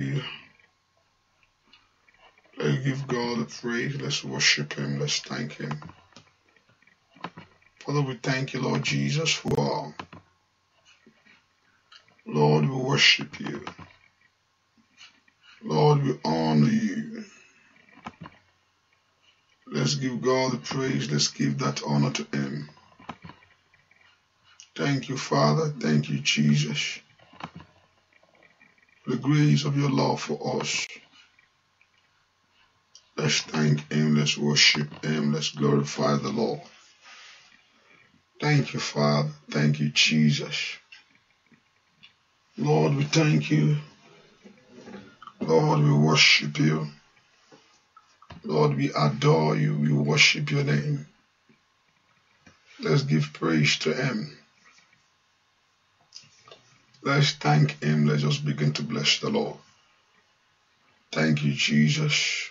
Let's give God a praise. Let's worship Him. Let's thank Him. Father, we thank you, Lord Jesus, for all. Lord, we worship you. Lord, we honor you. Let's give God the praise. Let's give that honor to Him. Thank you, Father. Thank you, Jesus the grace of your love for us. Let's thank Him, let's worship Him, let's glorify the Lord. Thank you, Father. Thank you, Jesus. Lord, we thank you. Lord, we worship you. Lord, we adore you. We worship your name. Let's give praise to Him. Let's thank Him. Let's just begin to bless the Lord. Thank you, Jesus.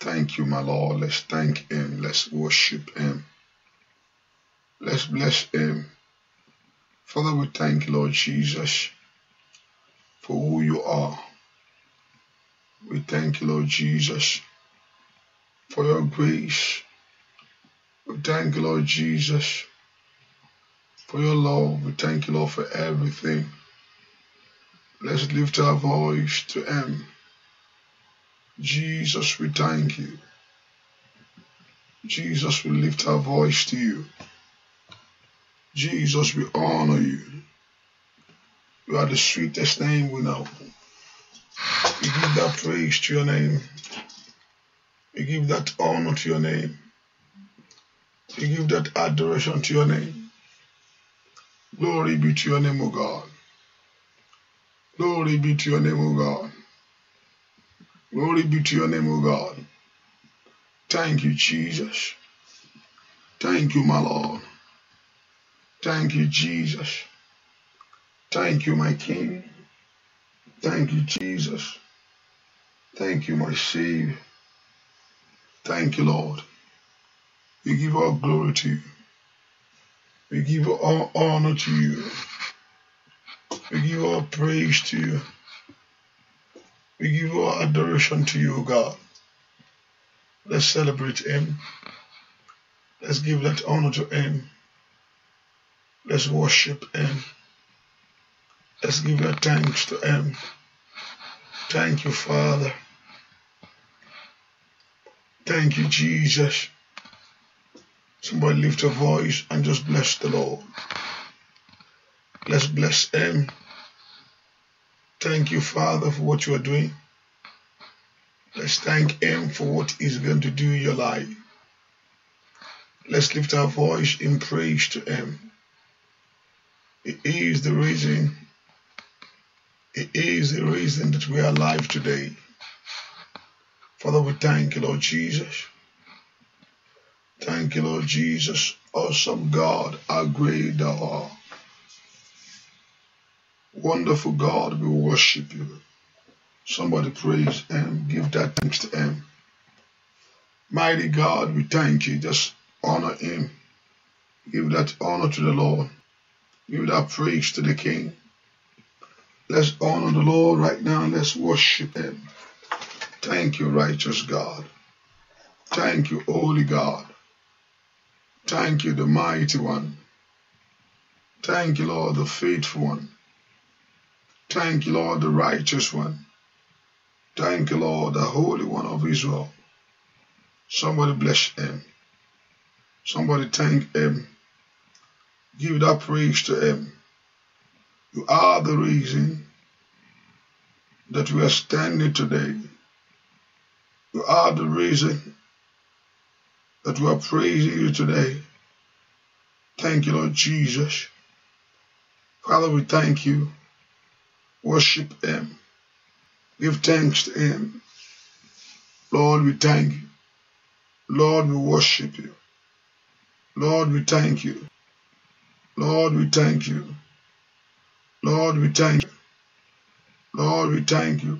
Thank you, my Lord. Let's thank Him. Let's worship Him. Let's bless Him. Father, we thank you, Lord Jesus, for who you are. We thank you, Lord Jesus, for your grace. We thank you, Lord Jesus for your love. We thank you, Lord, for everything. Let's lift our voice to Him. Jesus, we thank you. Jesus, we lift our voice to you. Jesus, we honor you. You are the sweetest name we know. We give that praise to your name. We give that honor to your name. We give that adoration to your name. Glory be to your name, O God. Glory be to your name, O God. Glory be to your name, O God. Thank you, Jesus. Thank you, my Lord. Thank you, Jesus. Thank you, my King. Thank you, Jesus. Thank you, my Savior. Thank you, Lord. We give all glory to you. We give all honor to you. We give all praise to you. We give all adoration to you, God. Let's celebrate Him. Let's give that honor to Him. Let's worship Him. Let's give our thanks to Him. Thank you, Father. Thank you, Jesus. Somebody lift a voice and just bless the Lord. Let's bless Him. Thank you, Father, for what you are doing. Let's thank Him for what He's going to do in your life. Let's lift our voice in praise to Him. It is the reason. It is the reason that we are alive today. Father, we thank you, Lord Jesus. Thank you, Lord Jesus. Awesome God, how great thou art. Wonderful God, we worship you. Somebody praise Him, give that thanks to Him. Mighty God, we thank you. Just honor Him. Give that honor to the Lord. Give that praise to the King. Let's honor the Lord right now. Let's worship Him. Thank you, righteous God. Thank you, holy God. Thank you, the mighty one. Thank you, Lord, the faithful one. Thank you, Lord, the righteous one. Thank you, Lord, the Holy One of Israel. Somebody bless him. Somebody thank him. Give that praise to him. You are the reason that we are standing today. You are the reason that we are praising you today. Thank you, Lord Jesus. Father, we thank you. Worship Him. Give thanks to Him. Lord, we thank you. Lord, we worship you. Lord, we thank you. Lord, we thank you. Lord, we thank you. Lord, we thank you.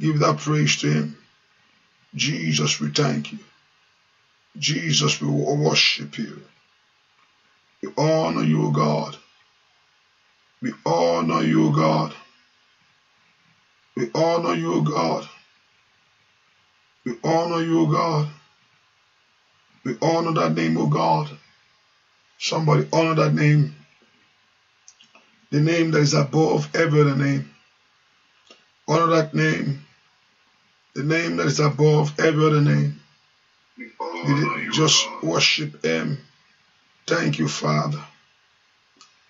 Give that praise to Him. Jesus, we thank you. Jesus, we worship you. We honor you, God. We honor you, God. We honor you, God. We honor you, God. We honor that name, O God. Somebody honor that name. The name that is above every other name. Honor that name. The name that is above every other name. Just worship Him. Thank you, Father.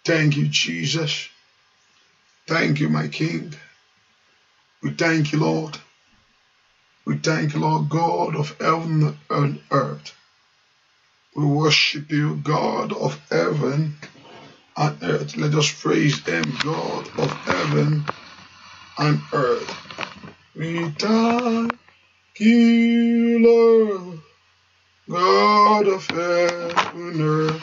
Thank you, Jesus. Thank you, my King. We thank you, Lord. We thank you, Lord God of heaven and earth. We worship you, God of heaven and earth. Let us praise him, God of heaven and earth. We thank you, Lord. God of heaven earth,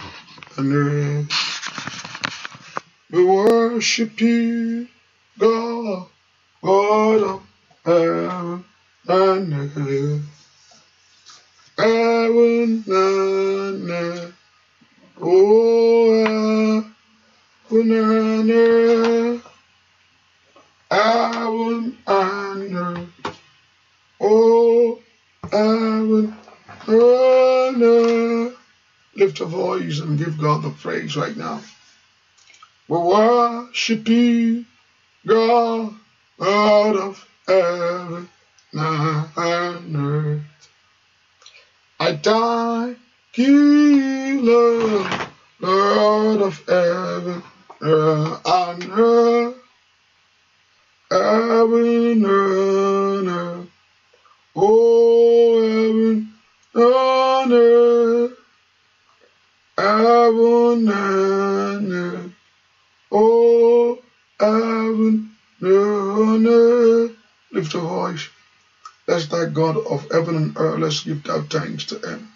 and earth, we worship you, God, God of heaven and earth, heaven and earth, oh heaven and earth, heaven Lift a voice and give God the praise right now. We worship you, God, out of heaven and earth. I thank you, Lord, Lord of heaven and earth. Heaven and earth. Oh, Oh, heaven, Lift your voice. Let's thank God of heaven and earth. Let's give our thanks to Him.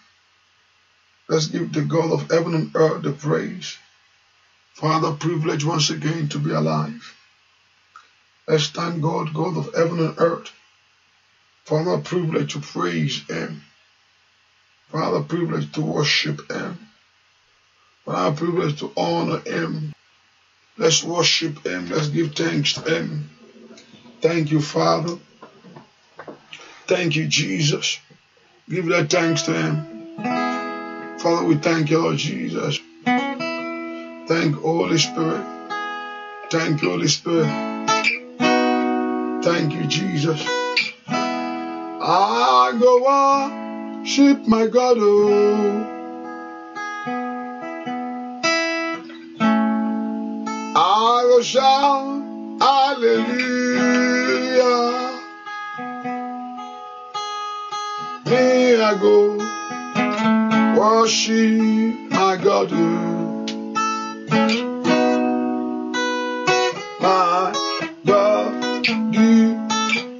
Let's give the God of heaven and earth the praise. Father, privilege once again to be alive. Let's thank God, God of heaven and earth. Father, privilege to praise Him. Father, privilege to worship Him. But our privilege to honor Him. Let's worship Him. Let's give thanks to Him. Thank you, Father. Thank you, Jesus. Give that thanks to Him. Father, we thank you, Lord Jesus. Thank Holy Spirit. Thank you, Holy Spirit. Thank you, Jesus. I go worship my God. Oh. I go, worship my God. My God, you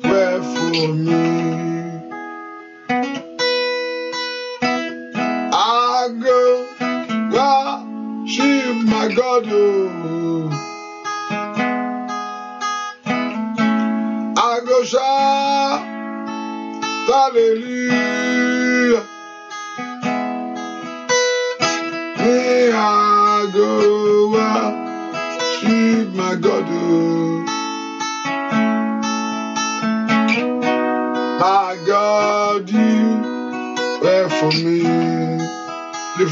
for me. I go, worship my God. I go shout, hallelujah.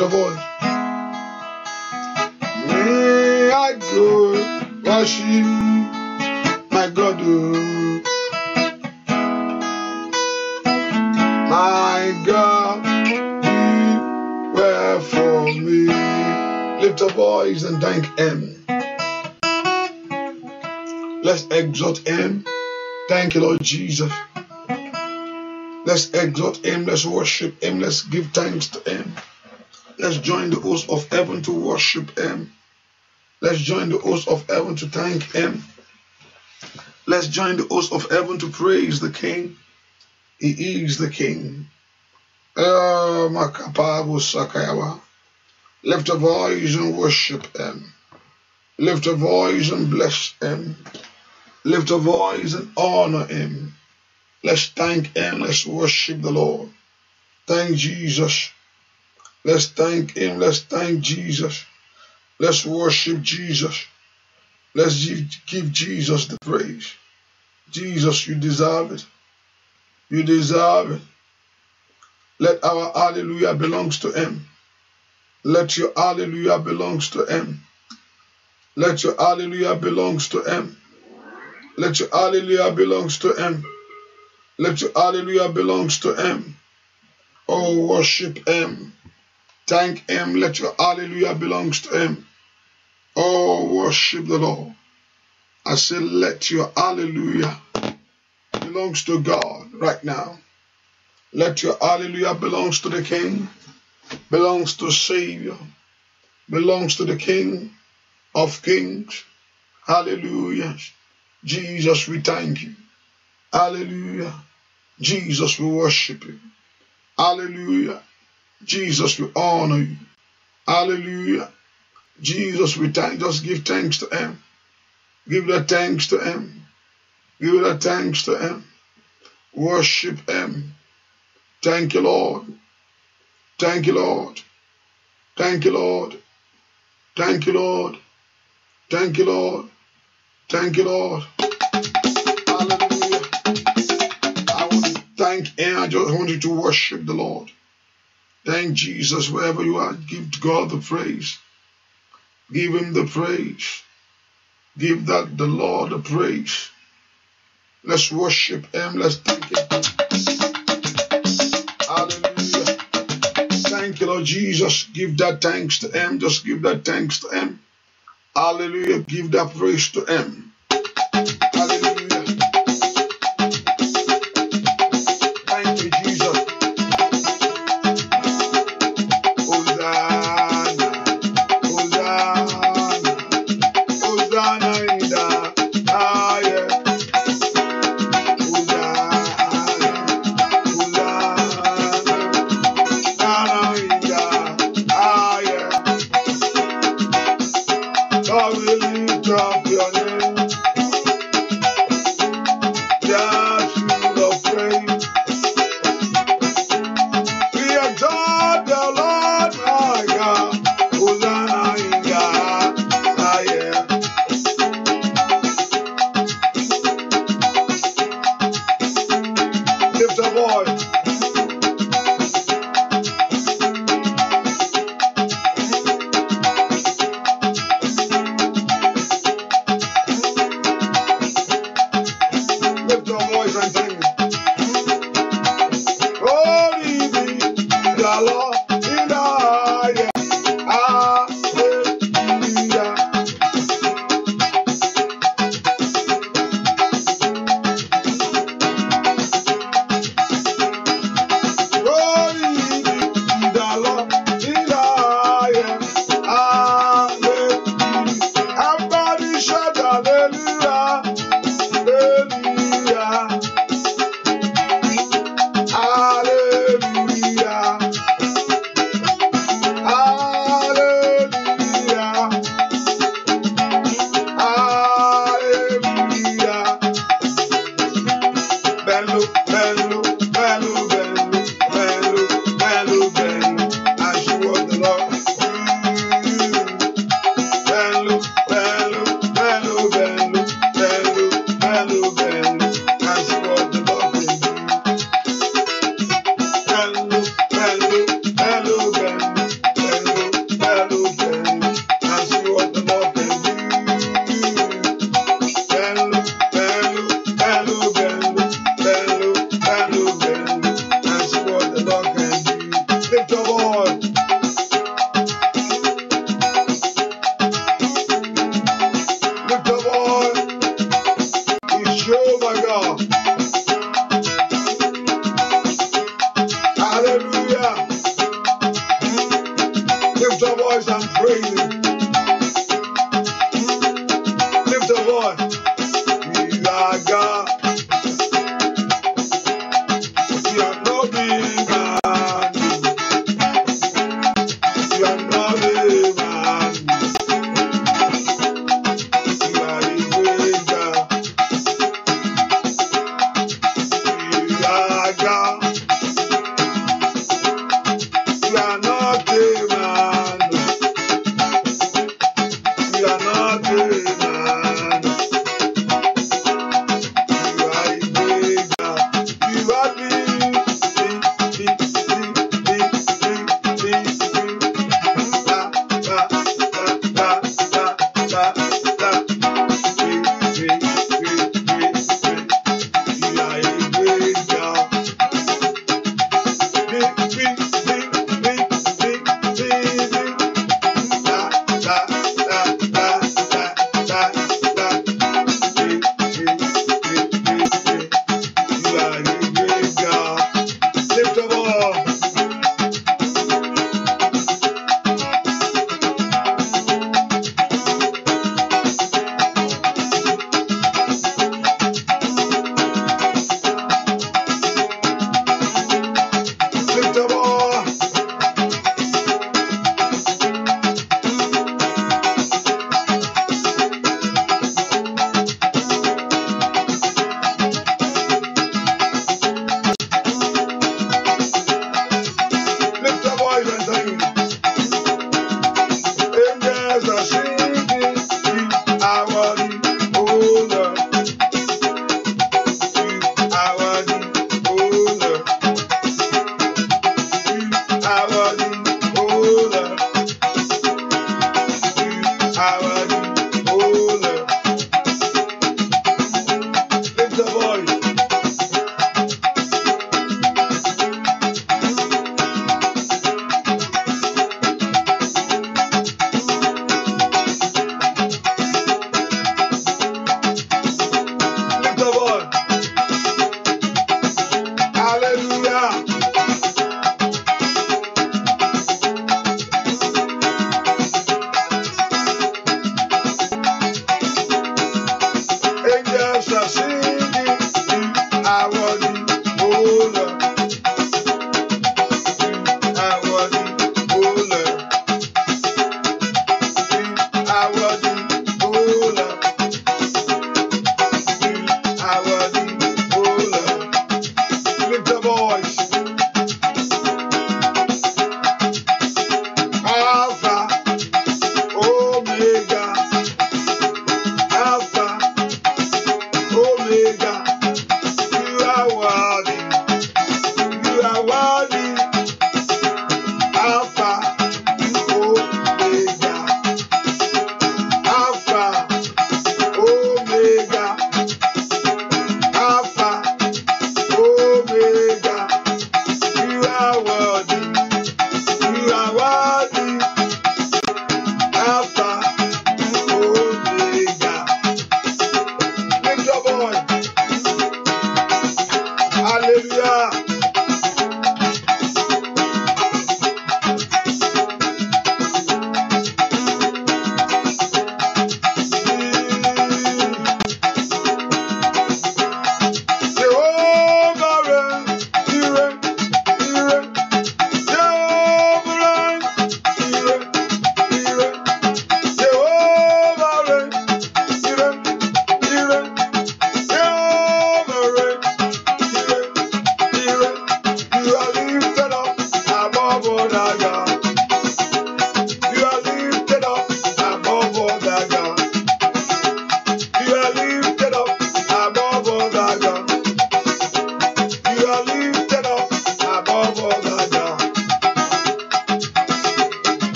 use a voice. May I go worship my God, oh. my God, He were for me. Lift up voice and thank Him. Let's exalt Him. Thank you, Lord Jesus. Let's exalt Him. Let's worship Him. Let's give thanks to Him. Let's join the host of heaven to worship Him. Let's join the host of heaven to thank Him. Let's join the host of heaven to praise the King. He is the King. Ah, Lift a voice and worship Him. Lift a voice and bless Him. Lift a voice and honor Him. Let's thank Him. Let's worship the Lord. Thank Jesus. Let's thank Him. Let's thank Jesus. Let's worship Jesus. Let's give Jesus the praise. Jesus, you deserve it. You deserve it. Let our hallelujah belongs to him. Let your hallelujah belongs to him. Let your hallelujah belongs to him. Let your hallelujah belongs to him. Let your hallelujah belongs to him. Oh, worship him. Thank Him. Let your hallelujah belongs to Him. Oh, worship the Lord. I say, let your hallelujah belongs to God right now. Let your hallelujah belongs to the King, belongs to Savior, belongs to the King of Kings. Hallelujah. Jesus, we thank you. Hallelujah. Jesus, we worship you. Hallelujah. Jesus, we honor you. Hallelujah. Jesus, we thank, just give thanks to Him. Give the thanks to Him. Give the thanks to Him. Worship Him. Thank you, Lord. Thank you, Lord. Thank you, Lord. Thank you, Lord. Thank you, Lord. Thank you, Lord. Hallelujah. I want to thank Him. I just want you to worship the Lord. Thank Jesus wherever you are. Give God the praise. Give him the praise. Give that the Lord the praise. Let's worship him. Let's thank him. Hallelujah. Thank you, Lord Jesus. Give that thanks to him. Just give that thanks to him. Hallelujah. Give that praise to him.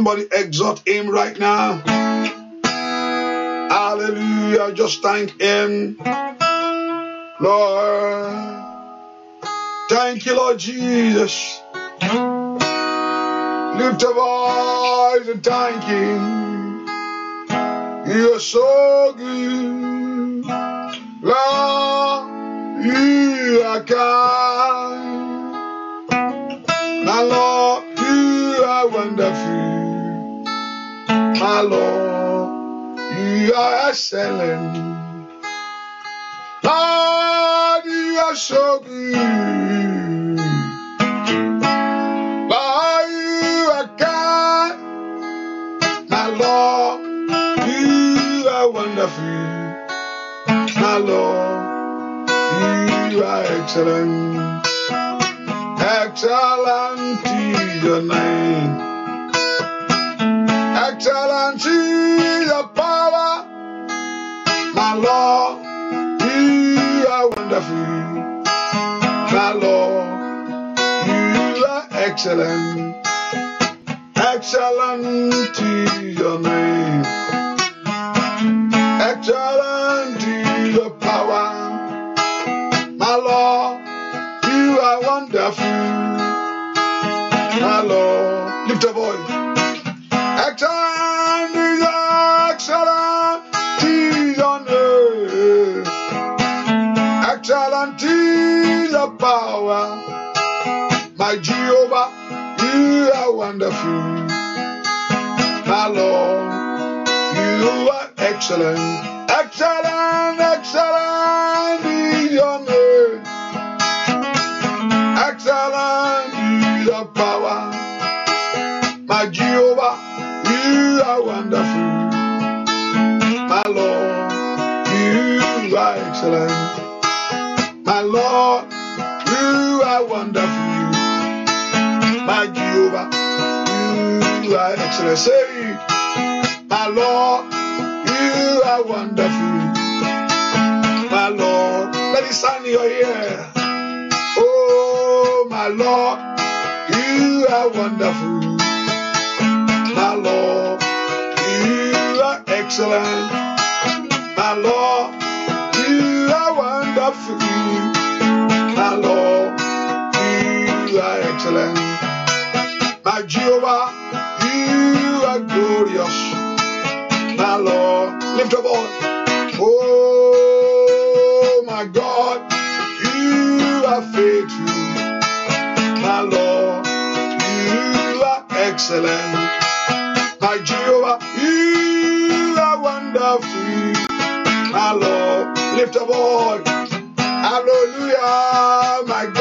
Somebody exhort him right now. Hallelujah. Just thank him. Lord. Thank you, Lord Jesus. Lift your voice and thank him. You're so my Lord, you are excellent. Lord, you are so good. Lord, you are God. My Lord, you are wonderful. My Lord, you are excellent. Excellent is your name. Excellency, your power, my Lord, you are wonderful. My Lord, you are excellent. Excellent is your name. Excellent is your power. My Lord, you are wonderful. My Lord. your power. My Jehovah, you are wonderful. My Lord, you are excellent. Excellent, excellent is your name. Excellent is the power. My Jehovah, you are wonderful. My Lord, you are excellent. My Lord, you are wonderful. My Jehovah, you are excellent. Say, my Lord, you are wonderful. My Lord, let it sound in your ear. Oh, my Lord, you are wonderful. My Lord, you are excellent. My Lord, you are wonderful. My Lord you are excellent. My Jehovah, you are glorious. My Lord, lift up voice. Oh, my God, you are faithful. My Lord, you are excellent. My Jehovah, you are wonderful. My Lord, lift up voice. Hallelujah, my God.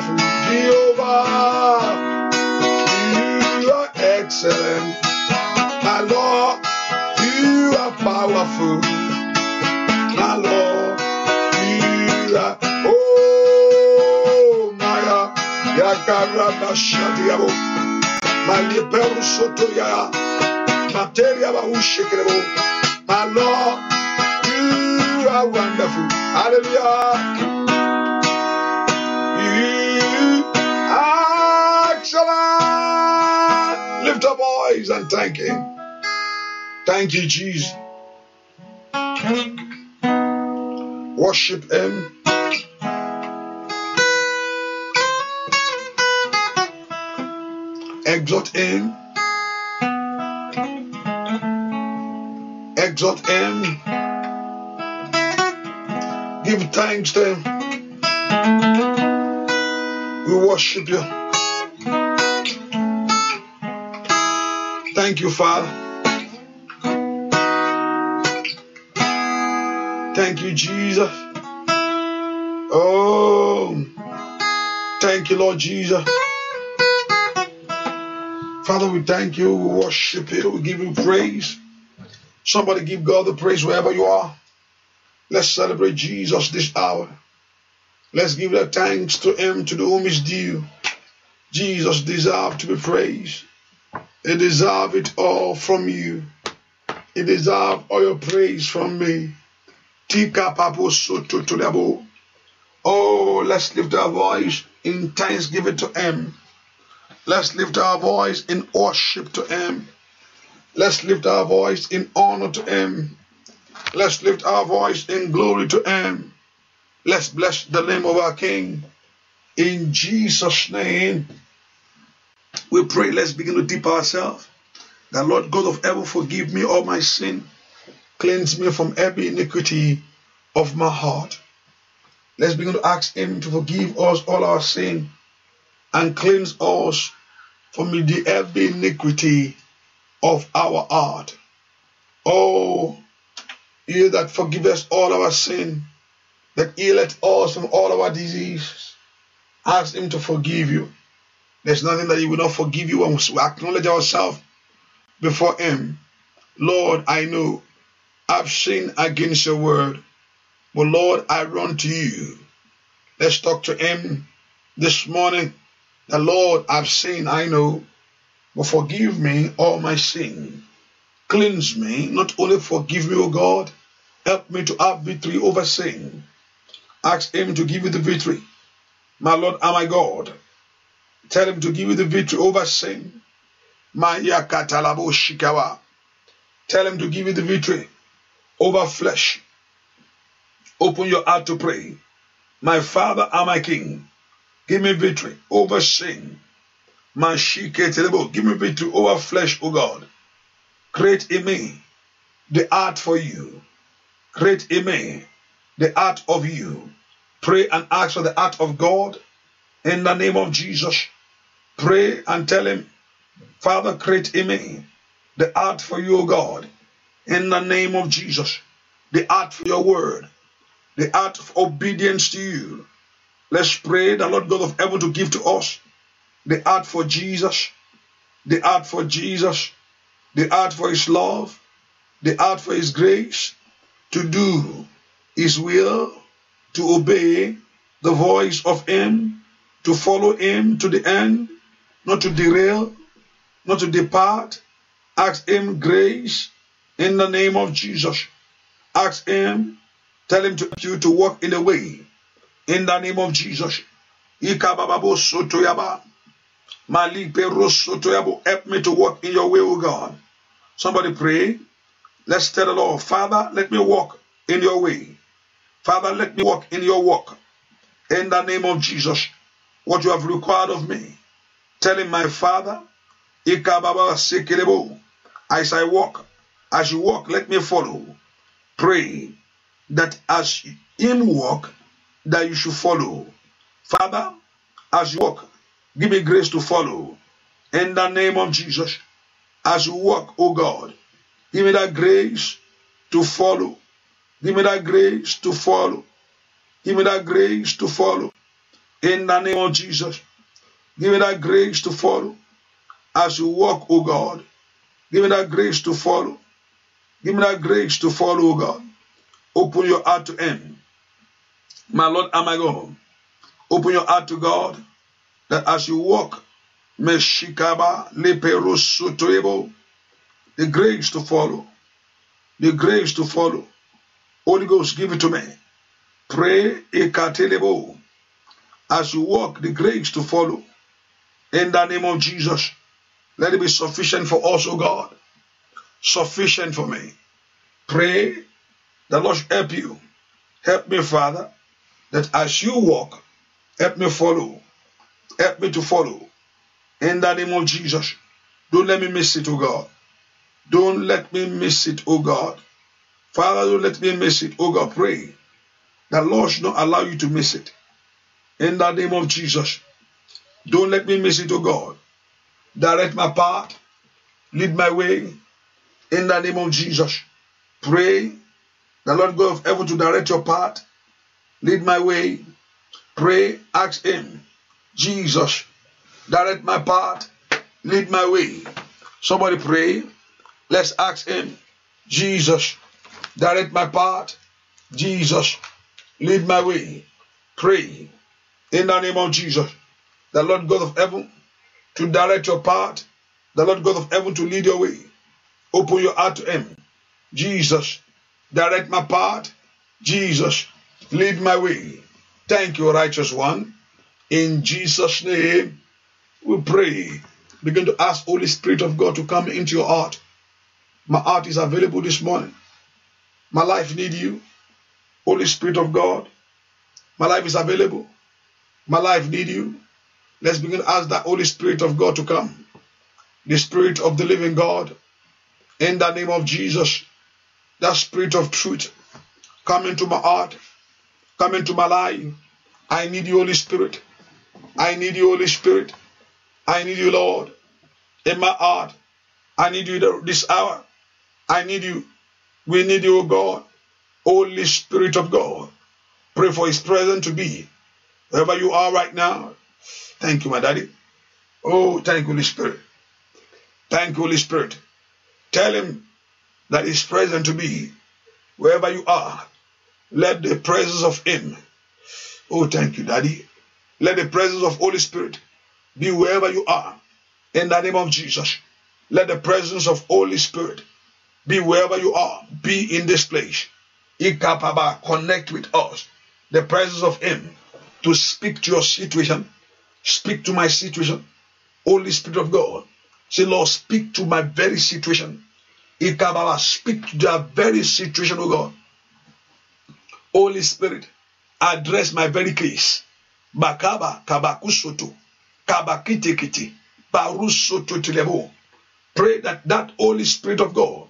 Jehovah. You are excellent. My Lord, you are powerful. My Lord, you are. Oh, my Maya, Yakarama Shadiabo. My Liperu Sotoya. Materia Bahushikrebo. My Lord, you are wonderful. Hallelujah. excellent. Lift up voice and thank Him. Thank you, Jesus. Worship Him. Exalt Him. Exalt Him. Give thanks to Him. We worship you. Thank you, Father. Thank you, Jesus. Oh, thank you, Lord Jesus. Father, we thank you. We worship you. We give you praise. Somebody give God the praise wherever you are. Let's celebrate Jesus this hour. Let's give the thanks to Him to the whom is due. Jesus deserves to be praised. They deserve it all from you. They deserve all your praise from me. Tika papo Oh, let's lift our voice in thanksgiving to Him. Let's lift our voice in worship to Him. Let's lift our voice in honor to Him. Let's lift our voice in glory to Him. Let's bless the name of our King. In Jesus' name, we pray, let's begin to dip ourselves. The Lord God of heaven, forgive me all my sin. Cleanse me from every iniquity of my heart. Let's begin to ask Him to forgive us all our sin and cleanse us from the every iniquity of our heart. Oh, You that forgive us all our sin, that healeth us from all our diseases, ask Him to forgive you. There's nothing that He will not forgive you when we acknowledge ourselves before Him. Lord, I know I've sinned against your word, but Lord, I run to you. Let's talk to Him this morning. The Lord, I've sinned, I know, but forgive me all my sin. Cleanse me, not only forgive me, O God, help me to have victory over sin. Ask Him to give you the victory. My Lord and my God, Tell him to give you the victory over sin. Maya katalabo shikawa. Tell him to give you the victory over flesh. Open your heart to pray. My Father and my King, give me victory over sin. Mashike telebo, give me victory over flesh, O God. Create in me the heart for you. Create in me the heart of you. Pray and ask for the heart of God in the name of Jesus, pray and tell him, Father, create in me the art for you, God. In the name of Jesus, the art for your word, the art of obedience to you. Let's pray the Lord God of heaven to give to us the art for Jesus, the art for Jesus, the art for his love, the art for his grace, to do his will, to obey the voice of him to follow him to the end, not to derail, not to depart. Ask him grace in the name of Jesus. Ask him, tell him to you to walk in the way in the name of Jesus. Help me to walk in your way, O God. Somebody pray. Let's tell the Lord, Father, let me walk in your way. Father, let me walk in your walk. In the name of Jesus. what you have required of me. tell him, my father, as I walk, as you walk, let me follow. Pray that as him walk, that you should follow. Father, as you walk, give me grace to follow. In the name of Jesus, as you walk, O oh God, give me that grace to follow. Give me that grace to follow. Give me that grace to follow. In the name of Jesus, give me that grace to follow as you walk, O God. Give me that grace to follow. Give me that grace to follow, O God. Open your heart to Him. My Lord and my God, open your heart to God that as you walk, to Leperosotoebo, the grace to follow, the grace to follow. Holy Ghost, give it to me. Pray Ekatelebo as you walk, the grace to follow. In the name of Jesus, let it be sufficient for us, O God. Sufficient for me. Pray the Lord help you. Help me, Father, that as you walk, help me follow. Help me to follow. In the name of Jesus, don't let me miss it, O God. Don't let me miss it, O God. Father, don't let me miss it, O God. Pray. The Lord should not allow you to miss it. In the name of Jesus. Don't let me miss it, oh God. Direct my path. Lead my way. In the name of Jesus. Pray. The Lord God of heaven to direct your path. Lead my way. Pray. Ask Him. Jesus. Direct my path. Lead my way. Somebody pray. Let's ask Him. Jesus. Direct my path. Jesus. Lead my way. Pray. In the name of Jesus, the Lord God of heaven to direct your path, the Lord God of heaven to lead your way. Open your heart to Him. Jesus, direct my path. Jesus, lead my way. Thank you, righteous one. In Jesus' name, we pray. Begin to ask Holy Spirit of God to come into your heart. My heart is available this morning. My life need you. Holy Spirit of God, my life is available. My life need you. Let's begin to ask that Holy Spirit of God to come. The Spirit of the living God. In the name of Jesus. That Spirit of truth. Come into my heart. Come into my life. I need you, Holy Spirit. I need you, Holy Spirit. I need you, Lord. In my heart. I need you this hour. I need you. We need you, God. Holy Spirit of God. Pray for His presence to be Wherever you are right now, thank you, my daddy. Oh, thank you, Holy Spirit. Thank you, Holy Spirit. Tell him that he's present to be wherever you are. Let the presence of him. Oh, thank you, daddy. Let the presence of Holy Spirit be wherever you are. In the name of Jesus. Let the presence of Holy Spirit be wherever you are. Be in this place. Ikapaba, connect with us. The presence of Him to speak to your situation. Speak to my situation. Holy Spirit of God. Say, Lord, speak to my very situation. Ikababa, speak to your very situation, O oh God. Holy Spirit, address my very case. Bakaba, kabakusoto, kabakitikiti, barusoto tilebo. Pray that that Holy Spirit of God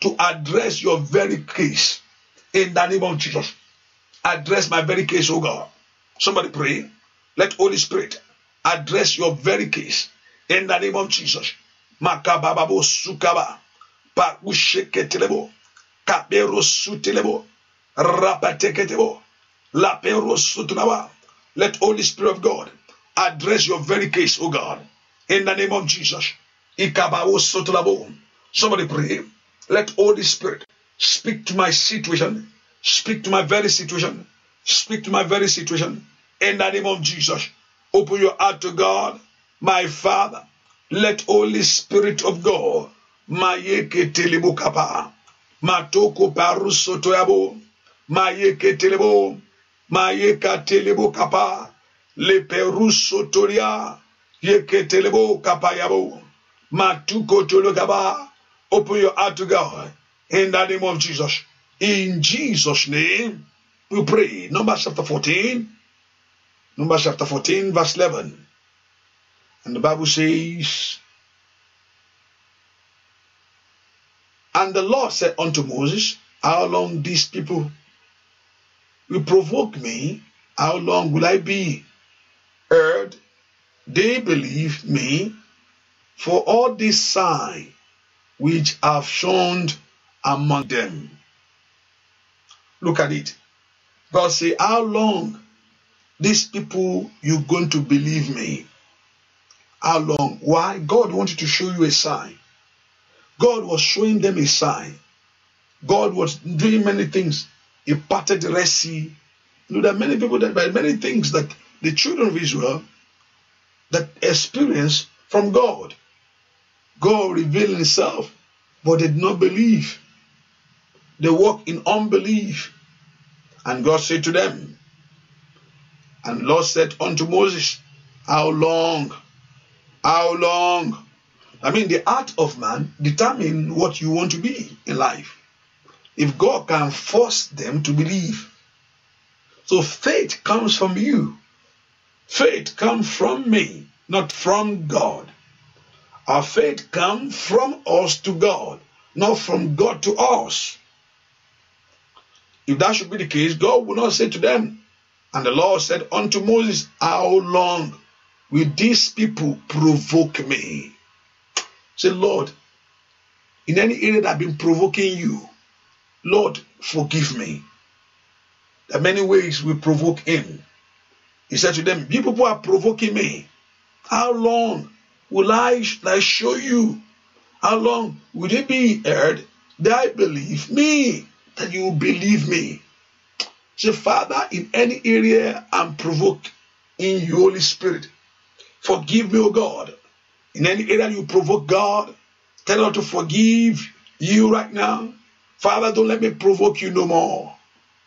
to address your very case in the name of Jesus. Address my very case, O oh God. Somebody pray. Let Holy Spirit address your very case in the name of Jesus. Makabababo sukaba. Pakusheketelebo. Kabero sutelebo. Rapateketebo. Lapero sutunaba. Let Holy Spirit of God address your very case, O God, in the name of Jesus. Ikababo sotulabo. Somebody pray. Let Holy Spirit speak to my situation. Speak to my very situation. Speak to my very situation. In the name of Jesus, open your heart to God. My Father, let Holy Spirit of God, Mayeke Telebukapa, Matoko Paruso Toyabo, Mayeke Telebo, Mayeka Telebukapa, Le Peruso Toria, Yeke Telebo Kapayabo, Matuko Tologaba, open your heart to God. In the name of Jesus. In Jesus' name. We pray. Numbers chapter 14. Numbers chapter 14, verse 11. And the Bible says, And the Lord said unto Moses, How long these people will provoke me? How long will I be? Heard, they believe me for all this sign which I've shown among them. Look at it. God say, How long these people you going to believe me? How long? Why? God wanted to show you a sign. God was showing them a sign. God was doing many things. He parted the Red Sea. You know, there are many people that by many things that the children of Israel that experience from God. God revealed himself, but they did not believe. They walk in unbelief. And God said to them, and Lord said unto Moses, How long? How long? I mean, the heart of man determine what you want to be in life. If God can force them to believe. So faith comes from you. Faith comes from me, not from God. Our faith comes from us to God, not from God to us. If that should be the case, God will not say to them, and the Lord said unto Moses, How long will these people provoke me? Say, Lord, in any area that I've been provoking you, Lord, forgive me. There are many ways we provoke him. He said to them, You people are provoking me. How long will I, I show you? How long will it be heard that believe me? that you believe me. Say, Father, in any area I'm provoked in Your Holy Spirit, forgive me, O God. In any area you provoke God, tell her to forgive you right now. Father, don't let me provoke you no more.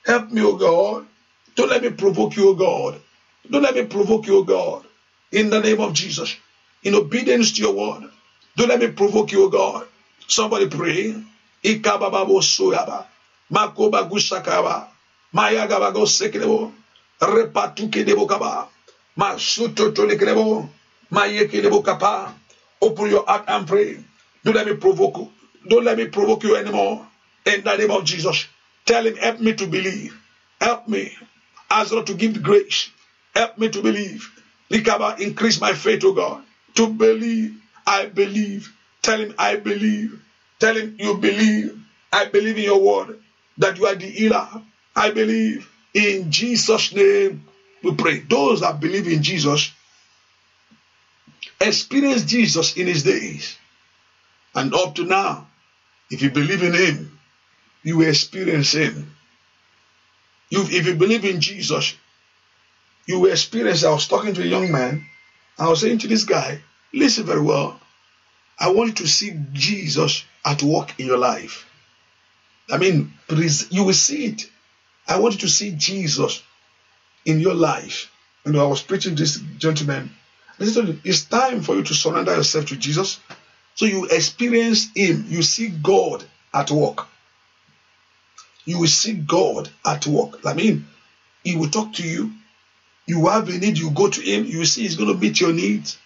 Help me, O God. Don't let me provoke you, O God. Don't let me provoke you, O God. In the name of Jesus. In obedience to your word. Don't let me provoke you, O God. Somebody pray makoba gusakaba mayagaba gosekelebo debo kaba masutotolekelebo mayekelebo kapa open your heart and pray don't let me provoke don't let me provoke you anymore in the name of Jesus tell him help me to believe help me ask Lord to give grace help me to believe Likaba increase my faith to God to believe I believe tell him I believe tell him you believe I believe in your word that you are the healer. I believe in Jesus' name we pray. Those that believe in Jesus experience Jesus in his days. And up to now, if you believe in him, you will experience him. You, if you believe in Jesus, you will experience. I was talking to a young man. I was saying to this guy, listen very well. I want you to see Jesus at work in your life. I mean, you will see it. I want you to see Jesus in your life. You know, I was preaching this gentleman. Listen, it's time for you to surrender yourself to Jesus. So you experience Him. You see God at work. You will see God at work. I mean, He will talk to you. You have a need, you go to Him. You see He's going to meet your needs.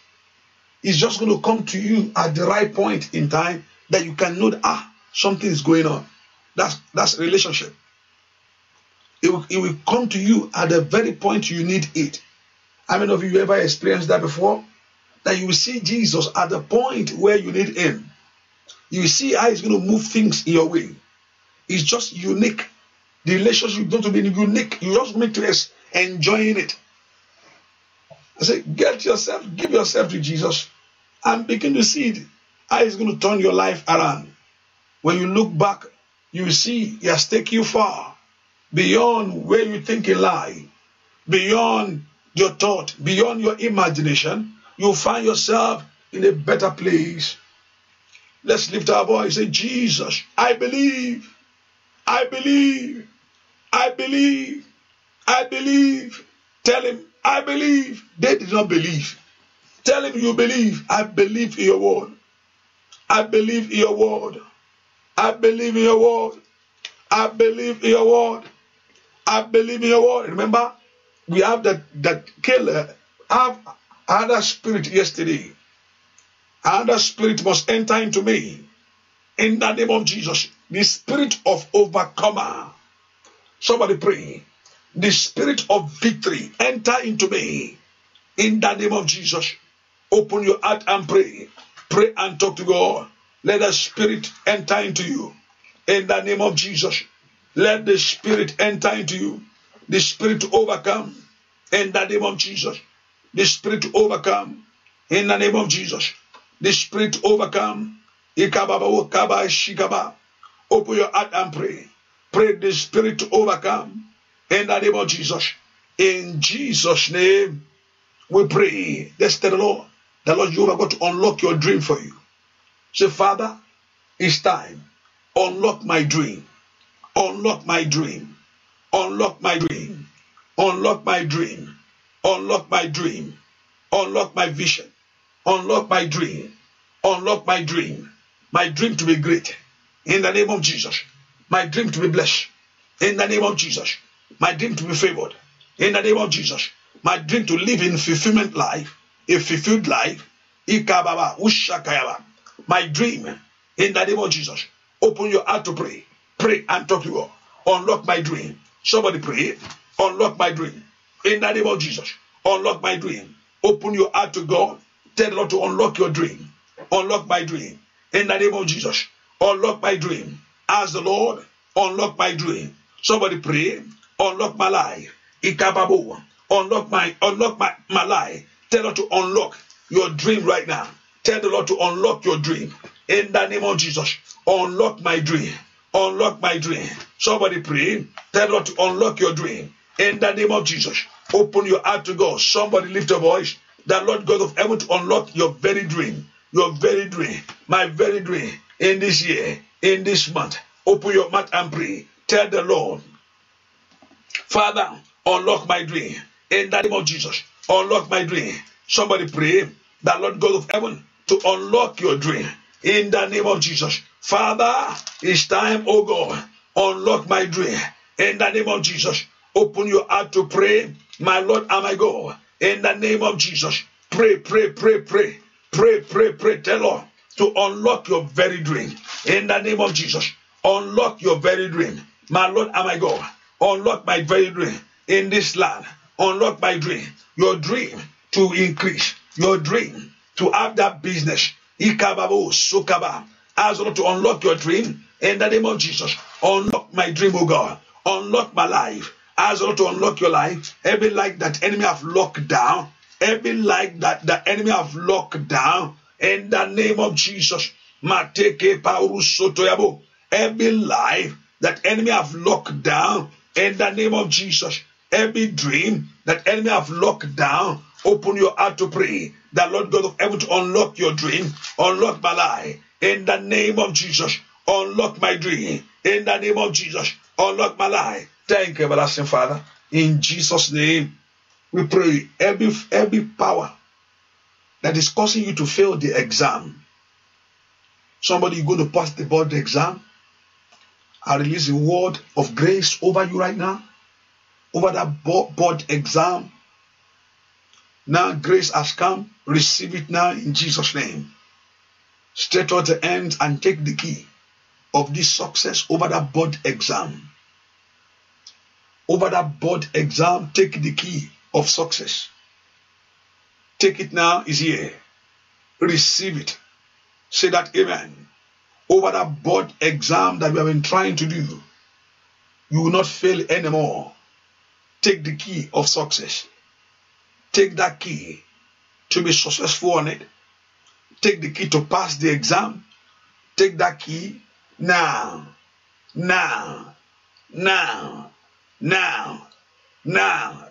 He's just going to come to you at the right point in time that you can know that, ah, something is going on. That's, that's relationship. It will, it will come to you at the very point you need it. How many of you ever experienced that before? That you will see Jesus at the point where you need Him. You see how He's going to move things in your way. It's just unique. The relationship going to be unique. You just make to enjoying it. I say, get yourself, give yourself to Jesus, and begin to see it. How He's going to turn your life around. When you look back you see he has taken you far beyond where you think a lie, beyond your thought, beyond your imagination. You find yourself in a better place. Let's lift our voice and say, Jesus, I believe, I believe, I believe, I believe. Tell him, I believe. They did not believe. Tell him you believe. I believe in your word. I believe in your word. I believe in your word. I believe in your word. I believe in your word. Remember, we have that that killer uh, have other spirit yesterday. Other spirit must enter into me. In the name of Jesus, the spirit of overcomer. Somebody pray. The spirit of victory enter into me. In the name of Jesus, open your heart and pray. Pray and talk to God. Let the Spirit enter into you. In the name of Jesus, let the Spirit enter into you. The Spirit to overcome. In the name of Jesus, the Spirit to overcome. In the name of Jesus, the Spirit to overcome. Open your heart and pray. Pray the Spirit to overcome. In the name of Jesus. In Jesus' name, we pray. Let's tell the Lord. The Lord you are going to unlock your dream for you. Say, Father, it's time. Unlock my dream. Unlock my dream. Unlock my dream. Unlock my dream. Unlock my dream. Unlock my vision. Unlock my dream. Unlock my dream. My dream to be great. In the name of Jesus. My dream to be blessed. In the name of Jesus. My dream to be favored. In the name of Jesus. My dream to live in fulfillment life, a fulfilled life. Ikababa, Ushakayaba my dream in the name of Jesus. Open your heart to pray. Pray and talk to God. Unlock my dream. Somebody pray. Unlock my dream. In the name of Jesus. Unlock my dream. Open your heart to God. Tell the Lord to unlock your dream. Unlock my dream. In the name of Jesus. Unlock my dream. Ask the Lord. Unlock my dream. Somebody pray. Unlock my life. Ikababo. Unlock my unlock my, my life. Tell her to unlock your dream right now. Tell the Lord to unlock your dream. In the name of Jesus, unlock my dream. Unlock my dream. Somebody pray. Tell the Lord to unlock your dream. In the name of Jesus, open your heart to God. Somebody lift your voice. The Lord God of heaven to unlock your very dream. Your very dream. My very dream. In this year, in this month, open your mouth and pray. Tell the Lord, Father, unlock my dream. In the name of Jesus, unlock my dream. Somebody pray. The Lord God of heaven to unlock your dream in the name of Jesus. Father, it's time, oh God, unlock my dream in the name of Jesus. Open your heart to pray, my Lord and my God, in the name of Jesus. Pray, pray, pray, pray, pray, pray, pray. Tell Lord to unlock your very dream in the name of Jesus. Unlock your very dream, my Lord and my God. Unlock my very dream in this land. Unlock my dream, your dream to increase, your dream to have that business. Ikababo, sokaba. Ask Lord to unlock your dream in the name of Jesus. Unlock my dream, oh God. Unlock my life. As Lord to unlock your life. Every life that enemy have locked down. Every life that the enemy have locked down. In the name of Jesus. Mateke pauru Every life that enemy have locked down. In the name of Jesus. Every dream that enemy have locked down. Open your heart to pray. that Lord God of heaven to unlock your dream, unlock my life. In the name of Jesus, unlock my dream. In the name of Jesus, unlock my life. Thank you, everlasting Father. In Jesus' name, we pray every, every power that is causing you to fail the exam. Somebody, going to pass the board exam. I release a word of grace over you right now, over that board exam now grace has come. Receive it now in Jesus' name. Straight out the end and take the key of this success over that board exam. Over that board exam, take the key of success. Take it now, is here. Receive it. Say that amen. Over that board exam that we have been trying to do, you will not fail anymore. Take the key of success. Take that key to be successful on it. Take the key to pass the exam. Take that key now, now, now, now, now.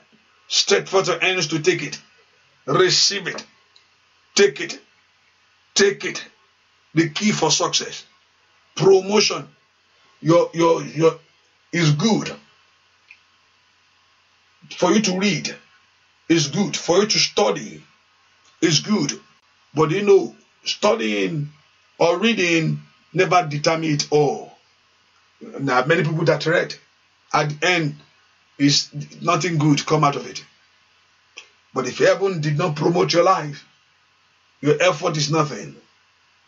Straight for your hands to take it. Receive it. Take it. Take it. The key for success. Promotion. Your your your is good for you to read it's good for you to study. It's good. But you know, studying or reading never determine it all. There are many people that read. At the end, is nothing good come out of it. But if heaven did not promote your life, your effort is nothing.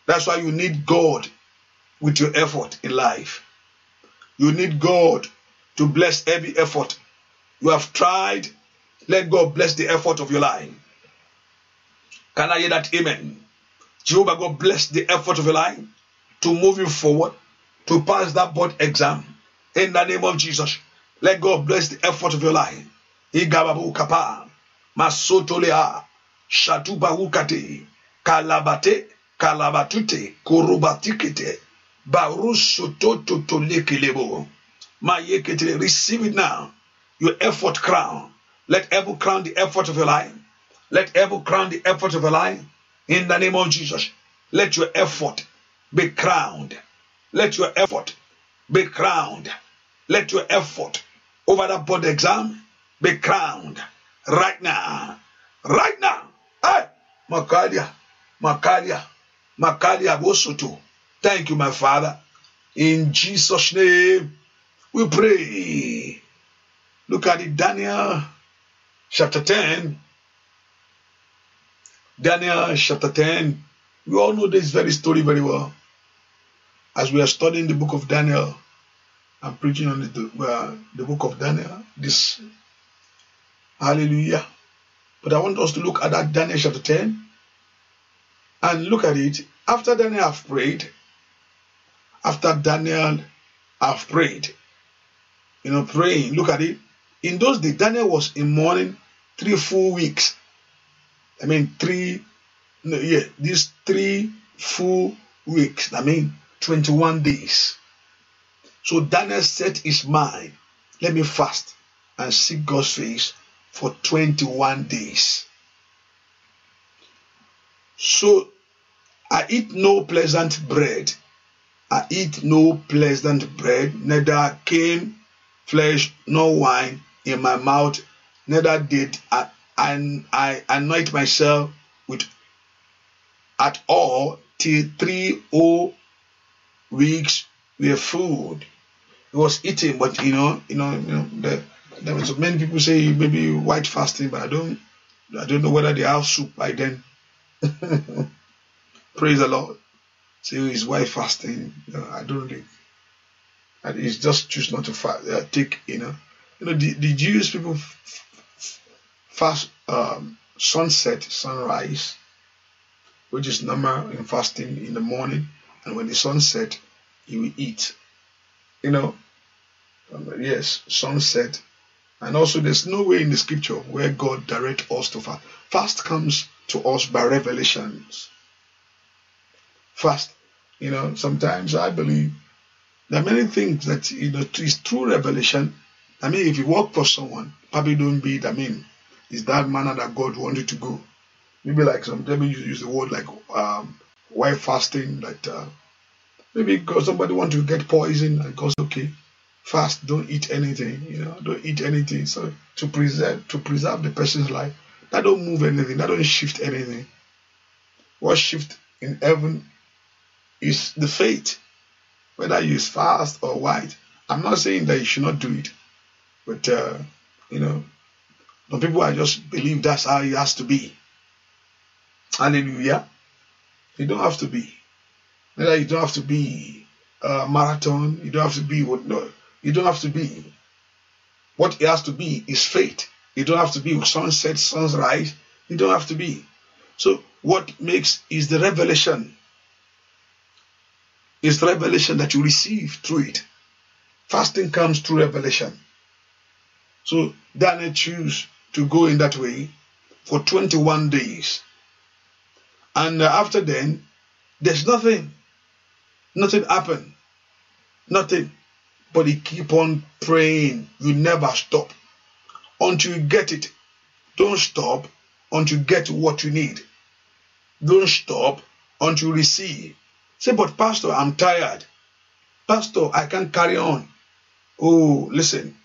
That's why you need God with your effort in life. You need God to bless every effort. You have tried let God bless the effort of your life. Can I hear that? Amen. Jehovah God bless the effort of your life to move you forward, to pass that board exam. In the name of Jesus, let God bless the effort of your life. Igababu kapa, masotolea, shatubahukate, kalabate, kalabatute, kurubatikete, barusoto lebo. My receive it now. Your effort crown. Let evil crown the effort of your life. Let evil crown the effort of your life. In the name of Jesus, let your effort be crowned. Let your effort be crowned. Let your effort over that board exam be crowned right now. Right now. Hey, Makalia, Makalia, Makalia Gosutu. Thank you, my Father. In Jesus' name, we pray. Look at it, Daniel chapter 10. Daniel chapter 10. We all know this very story very well. As we are studying the book of Daniel, I'm preaching on the, uh, the book of Daniel. This hallelujah. But I want us to look at that Daniel chapter 10 and look at it. After Daniel have prayed, after Daniel have prayed, you know, praying, look at it. In those days, Daniel was in mourning three full weeks. I mean, three, no, yeah, these three full weeks. I mean, 21 days. So Daniel set his mind, let me fast and seek God's face for 21 days. So I eat no pleasant bread. I eat no pleasant bread, neither came flesh nor wine in my mouth, neither did I, I, I anoint myself with at all till three whole weeks were food. It was eating, but you know, you know, you know, there was so many people say maybe white fasting, but I don't, I don't know whether they have soup by then. Praise the Lord. so he's white fasting. I don't think. And it's just choose not to fast, uh, take, you know. You know, the, the Jewish people fast um, sunset, sunrise, which is normal in fasting in the morning, and when the sun set, you will eat. You know, um, yes, sunset, and also there's no way in the scripture where God directs us to fast. Fast comes to us by revelations. Fast, you know, sometimes I believe there are many things that you know is through revelation I mean, if you work for someone, probably don't be it. I mean, it's that manner that God wanted to go. Maybe like some Let me use the word like um, why fasting that uh, maybe because somebody want to get poison and cause okay fast don't eat anything you know don't eat anything so to preserve to preserve the person's life that don't move anything that don't shift anything what shift in heaven is the faith whether you fast or white i'm not saying that you should not do it but, uh, you know, some people I just believe that's how it has to be. Hallelujah. You don't have to be. You don't have to be a uh, marathon. You don't have to be what no. You don't have to be. What it has to be is faith. You don't have to be sunset, sunrise. You don't have to be. So what makes is the revelation. Is the revelation that you receive through it. Fasting comes through revelation. So Daniel chose to go in that way for 21 days. And uh, after then, there's nothing. Nothing happened. Nothing. But you keep on praying. You never stop until you get it. Don't stop until you get what you need. Don't stop until you receive. Say, but Pastor, I'm tired. Pastor, I can't carry on. Oh, listen,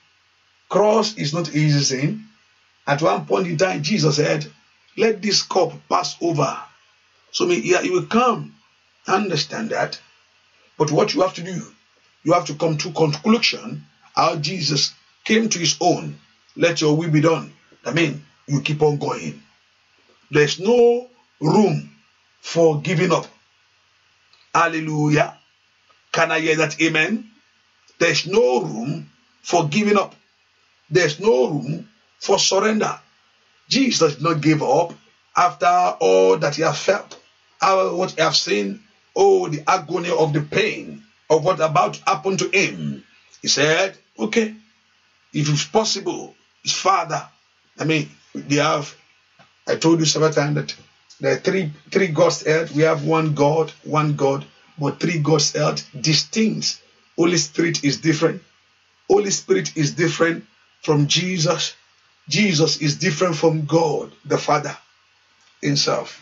Cross is not easy thing. At one point in time, Jesus said, Let this cup pass over. So yeah, you will come. Understand that. But what you have to do, you have to come to conclusion how Jesus came to his own. Let your will be done. I mean, you keep on going. There's no room for giving up. Hallelujah. Can I hear that? Amen. There's no room for giving up. There's no room for surrender. Jesus did not give up after all that he had felt, after what he had seen, oh, the agony of the pain of what about to happen to him. He said, okay, if it's possible, his father, I mean, they have, I told you several times that there are three, three gods earth. We have one God, one God, but three gods earth distinct. Holy Spirit is different. Holy Spirit is different from Jesus. Jesus is different from God, the Father Himself.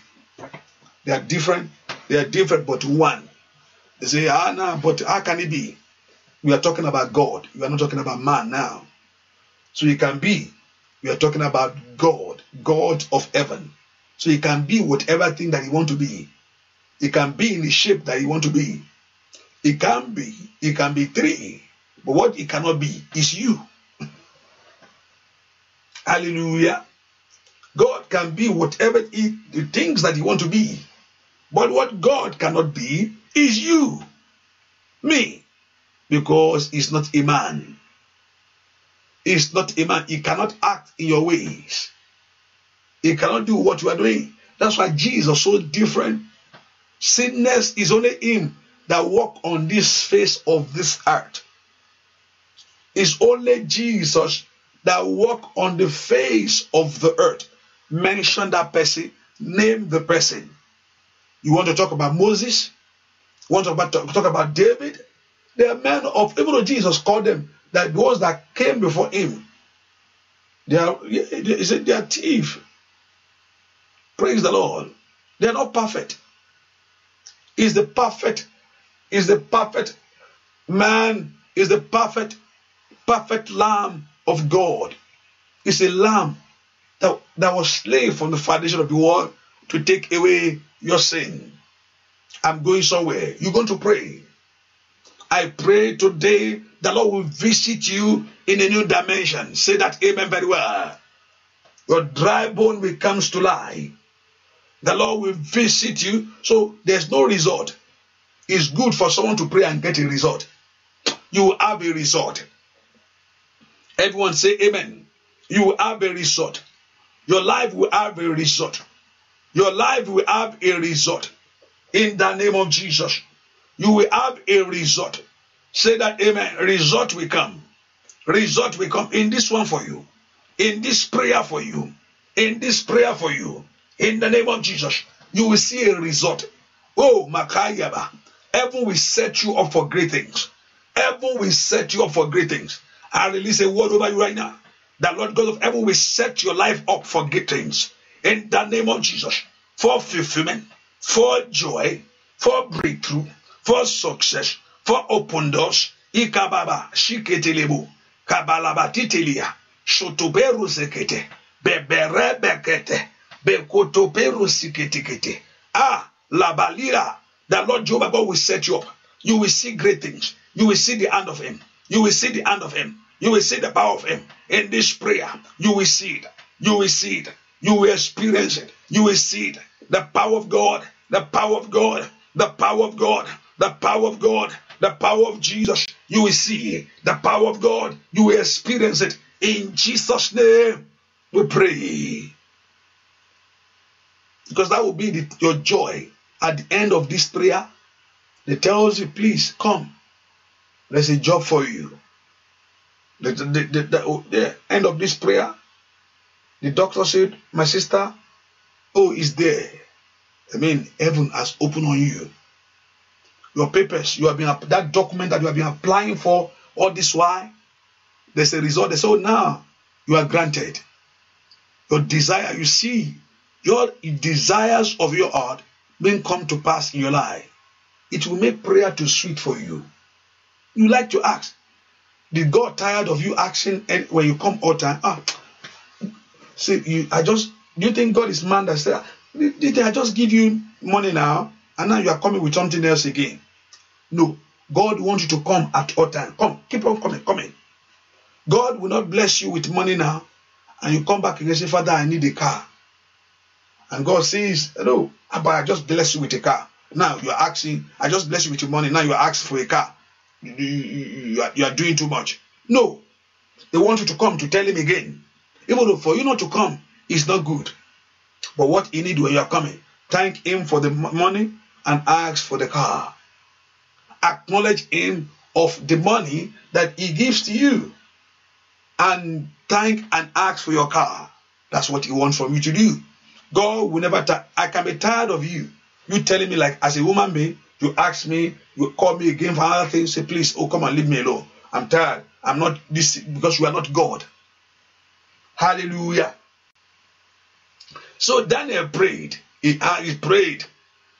They are different, they are different, but one. They say, ah, no, but how can it be? We are talking about God. We are not talking about man now. So he can be. We are talking about God, God of heaven. So he can be whatever thing that he want to be. He can be in the shape that he want to be. He can be. He can be three. But what he cannot be is you. Hallelujah. God can be whatever he, the things that he want to be. But what God cannot be is you, me, because he's not a man. He's not a man. He cannot act in your ways. He cannot do what you are doing. That's why Jesus is so different. Sinness is only him that walk on this face of this earth. It's only Jesus that walk on the face of the earth. Mention that person, name the person. You want to talk about Moses? You want to talk about, talk about David? They are men of, even though Jesus called them, that those that came before him, they are, he said, they are thieves. Praise the Lord. They are not perfect. Is the perfect, is the perfect man, is the perfect, perfect lamb of God. It's a lamb that, that was slain from the foundation of the world to take away your sin. I'm going somewhere. You're going to pray. I pray today the Lord will visit you in a new dimension. Say that amen very well. Your dry bone becomes to lie. The Lord will visit you. So there's no result. It's good for someone to pray and get a result. You will have a result. Everyone say amen. You will have a result. Your life will have a result. Your life will have a result. In the name of Jesus, you will have a result. Say that amen. Result will come. Result will come in this one for you. In this prayer for you. In this prayer for you. In the name of Jesus, you will see a result. Oh, Makayaba. Heaven will set you up for great things. Heaven will set you up for great things. I release a word over you right now. The Lord God of heaven will set your life up for great things. In the name of Jesus. For fulfillment, for joy, for breakthrough, for success, for open doors. Ikababa, shiketelebo, kabalabatitelia, shotoberu zekete, bekete. bekotoperu siketikete. Ah, labalira, the Lord Jehovah God will set you up. You will see great things. You will see the hand of him. You will see the hand of him. You will see the power of Him in this prayer. You will see it. You will see it. You will experience it. You will see it. The power of God. The power of God. The power of God. The power of God. The power of Jesus. You will see it. the power of God. You will experience it. In Jesus' name, we pray. Because that will be the, your joy at the end of this prayer. They tells you, please come. There's a job for you. The, the, the, the, end of this prayer, the doctor said, My sister, oh, is there. I mean, heaven has opened on you. Your papers, you have been that document that you have been applying for, all this while. there's a result. They say, Oh, now you are granted. Your desire, you see, your desires of your heart may come to pass in your life. It will make prayer too sweet for you. You like to ask, did God tired of you asking and when you come all time? Ah, see, you I just you think God is man that said, did I just give you money now? And now you are coming with something else again. No, God wants you to come at all time. Come, keep on coming, coming. God will not bless you with money now, and you come back and say, Father, I need a car. And God says, No, but I just bless you with a car. Now you are asking, I just bless you with your money. Now you are asking for a car you, are, you are doing too much. No. They want you to come to tell him again. Even for you not to come is not good. But what you need when you are coming, thank him for the money and ask for the car. Acknowledge him of the money that he gives to you. And thank and ask for your car. That's what he wants from you to do. God will never. I can be tired of you. You telling me like as a woman being, you ask me, you call me again for other things, say, please, oh, come and leave me alone. I'm tired. I'm not this because you are not God. Hallelujah. So Daniel prayed. He, uh, he prayed.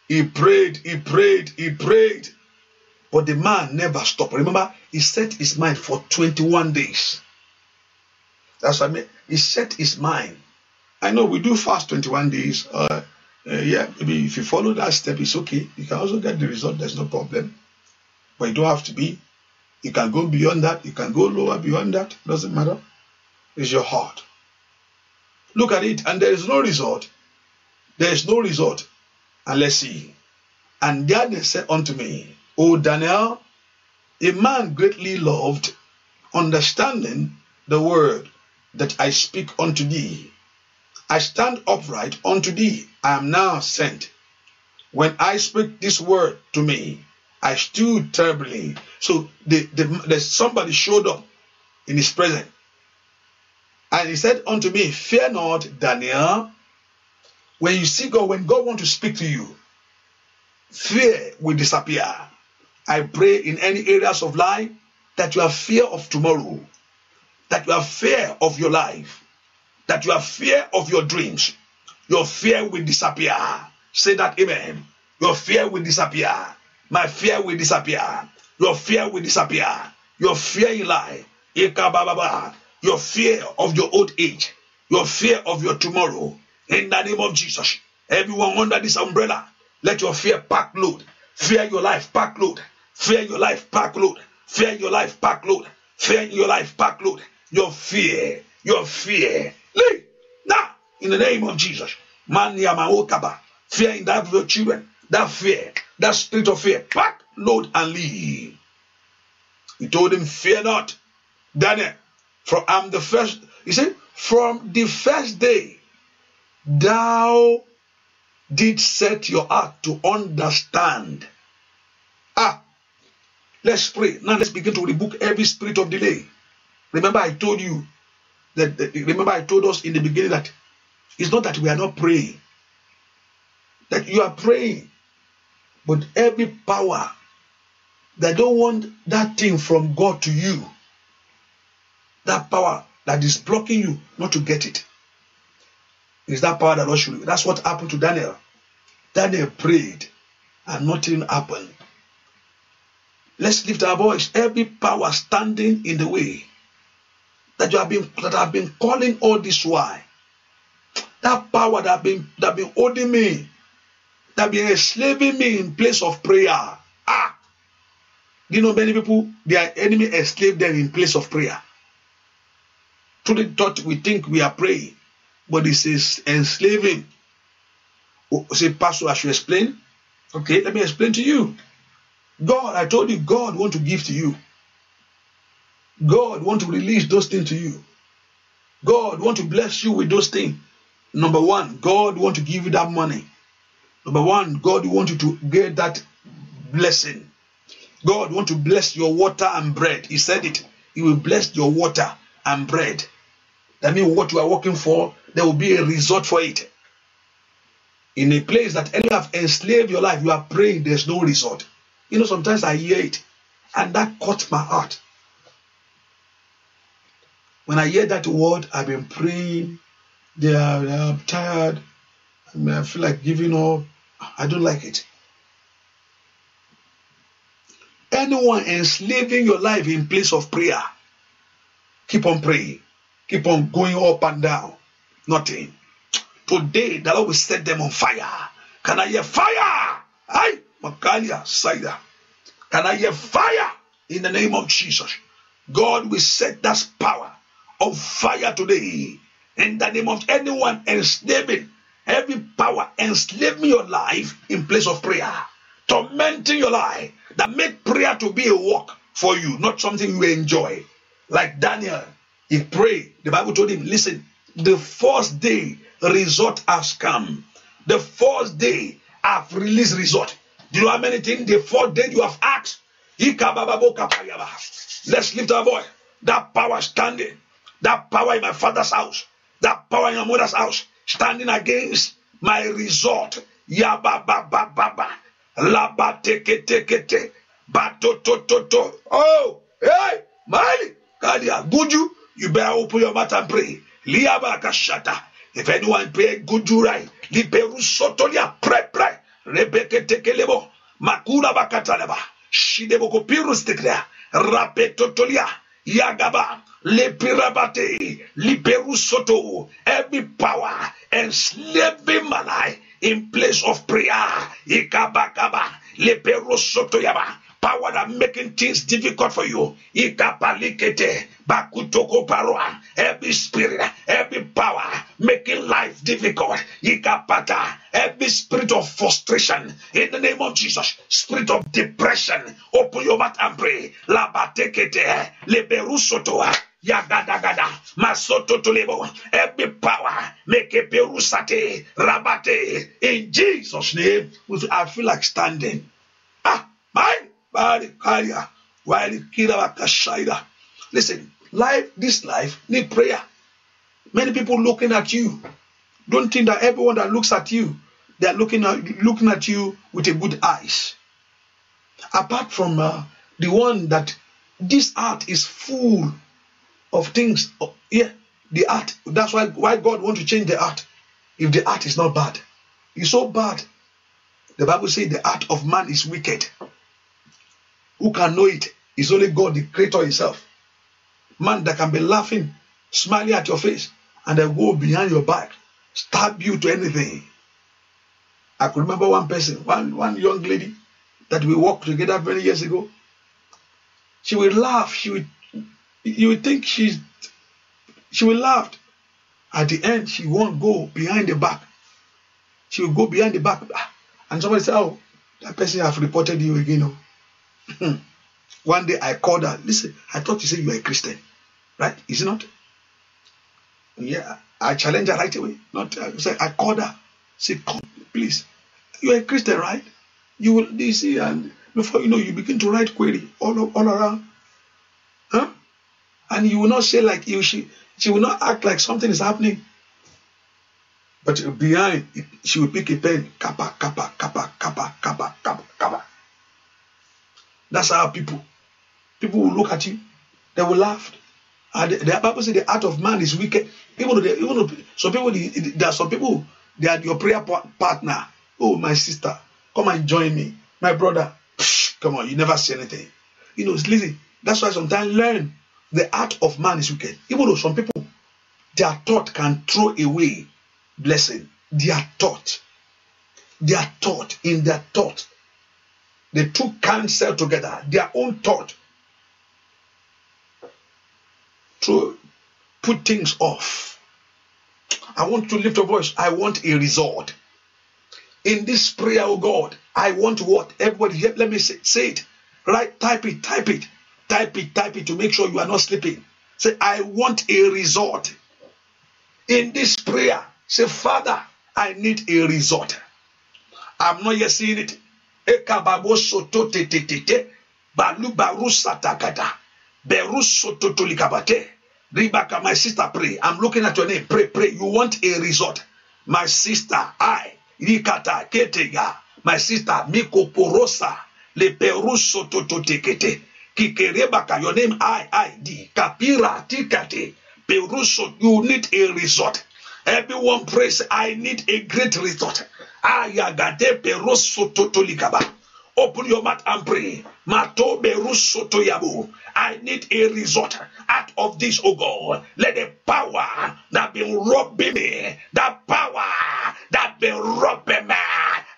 He prayed. He prayed. He prayed. But the man never stopped. Remember, he set his mind for 21 days. That's what I mean. He set his mind. I know we do fast 21 days. Uh, uh, yeah, I mean, if you follow that step, it's okay. You can also get the result, there's no problem. But you don't have to be. You can go beyond that, you can go lower beyond that, doesn't matter. It's your heart. Look at it, and there is no result. There is no result. And let's see. And Daniel said unto me, O Daniel, a man greatly loved, understanding the word that I speak unto thee, I stand upright unto thee. I am now sent. When I speak this word to me, I stood terribly. So the, the, the, somebody showed up in his presence. And he said unto me, Fear not, Daniel. When you see God, when God wants to speak to you, fear will disappear. I pray in any areas of life that you have fear of tomorrow, that you have fear of your life, that your fear of your dreams, your fear will disappear. Say that, Amen. Your fear will disappear. My fear will disappear. Your fear will disappear. Your fear in life. Your fear of your old age. Your fear of your tomorrow. In the name of Jesus. Everyone under this umbrella, let your fear pack load. Fear your life pack load. Fear your life pack load. Fear your life pack load. Fear your life pack load. Your fear. Your fear Leave now in the name of Jesus. Man yamaotaba. Fear in that of your children. That fear, that spirit of fear. Pack, load, and leave. He told him, Fear not. Daniel, for I'm the first. He said, From the first day thou did set your heart to understand. Ah, let's pray. Now let's begin to rebuke every spirit of delay. Remember, I told you that, that, remember I told us in the beginning that it's not that we are not praying, that you are praying, but every power that don't want that thing from God to you, that power that is blocking you not to get it, is that power that Lord should. That's what happened to Daniel. Daniel prayed, and nothing happened. Let's lift our voice. Every power standing in the way that you have been that have been calling all this while. That power that been that been holding me, that been enslaving me in place of prayer. Ah, do you know many people their enemy enslaved them in place of prayer. the thought we think we are praying, but it is enslaving. Oh, say, Pastor, I should explain. Okay, let me explain to you. God, I told you, God want to give to you. God want to release those things to you. God want to bless you with those things. Number one, God want to give you that money. Number one, God want you to get that blessing. God want to bless your water and bread. He said it. He will bless your water and bread. That means what you are working for, there will be a result for it. In a place that you have enslaved your life, you are praying, there's no result. You know, sometimes I hear it, and that caught my heart. When I hear that word, I've been praying. They are, they are tired. I, mean, I feel like giving up. I don't like it. Anyone enslaving your life in place of prayer, keep on praying. Keep on going up and down. Nothing. Today, the Lord will set them on fire. Can I hear fire? Aye, Makalia, Saida. Can I hear fire in the name of Jesus? God will set that power of fire today. In the name of anyone enslaving, every power enslaving your life in place of prayer, tormenting your life, that make prayer to be a work for you, not something you enjoy. Like Daniel, he prayed. The Bible told him, listen, the first day result has come. The first day I've released result. Do you know how many things the fourth day you have asked? Let's lift our voice. That power standing that power in my father's house, that power in your mother's house, standing against my resort. Yaba ba ba ba ba. La ba teke teke te. Ba to to to to. Oh, hey, Mali, Kadia, Guju, you better open your mouth and pray. Liaba kashata. If anyone pray, Guju right. Liberu sotolia, pray, pray. Rebeke teke lebo. Makula bakataleba. Shideboko pirus tekrea. Rapetotolia. Yagaba. Lipirabate, Liberusoto, every power enslaving my life in place of prayer. ikaba, Ikabakaba, Liberusoto Yaba. Power that making things difficult for you. Ikapalikete, bakutoko paroa. Every spirit, every power making life difficult. Ikapata, every spirit of frustration in the name of Jesus, spirit of depression. Open your mouth and pray. Labatekete, liberusotoa. Yagadagada, Masoto Tulebo, every power, make a perusate, rabate, in Jesus' name, I feel like standing. Ah, my body carrier, while Kirabakashaida. Listen, life, this life, need prayer. Many people looking at you. Don't think that everyone that looks at you, they are looking at, looking at you with a good eyes. Apart from uh, the one that this heart is full of things. Of, yeah, the art. That's why why God want to change the art. If the art is not bad, it's so bad. The Bible says the art of man is wicked. Who can know it? It's only God, the Creator Himself. Man that can be laughing, smiling at your face, and then go behind your back, stab you to anything. I could remember one person, one, one young lady that we worked together many years ago. She would laugh, she would you would think she's she will laugh. At the end, she won't go behind the back. She will go behind the back, ah, and somebody say, "Oh, that person have reported you again." Oh. One day I called her. Listen, I thought you said you are a Christian, right? Is it not? Yeah, I challenged her right away. Not I uh, said I called her. Say, "Come, please. You are a Christian, right? You will you see." And before you know, you begin to write query all all around and you will not say like you she she will not act like something is happening. But behind, she will pick a pen, kappa, kappa, kappa, kappa, kappa, kappa, kappa. That's how people, people will look at you, they will laugh. And the, the Bible says the art of man is wicked. Even though, they, even though some people, there are some people, they are your prayer partner. Oh, my sister, come and join me. My brother, psh, come on, you never say anything. You know, listen, that's why sometimes learn The heart of man is wicked. Even though some people, their thought can throw away blessing. Their thought. Their thought. In their thought. The two cancel together. Their own thought. To put things off. I want to lift a voice. I want a result. In this prayer, oh God, I want what? Everybody, let me say, say it. Right? Type it. Type it. Type it, type it to make sure you are not sleeping. Say, I want a resort. In this prayer, say, Father, I need a resort. I'm not yet seeing it. Ekababosoto te te te te. Balu barusa takada. Berusoto tolikabate. Ribaka, my sister, pray. I'm looking at your name. Pray, pray. You want a resort, My sister, I. Rikata ketega. My sister, mikoporosa. Le perusoto totekete. Kikereba your name I IID. Kapira tikate. Peruso, you need a result. Everyone prays, I need a great result. Ayagade peruso totolikaba. Open your mouth and pray. Mato beruso toyabu. I need a resort out of this, oh God. Let the power that been robbing me, that power that been robbing me,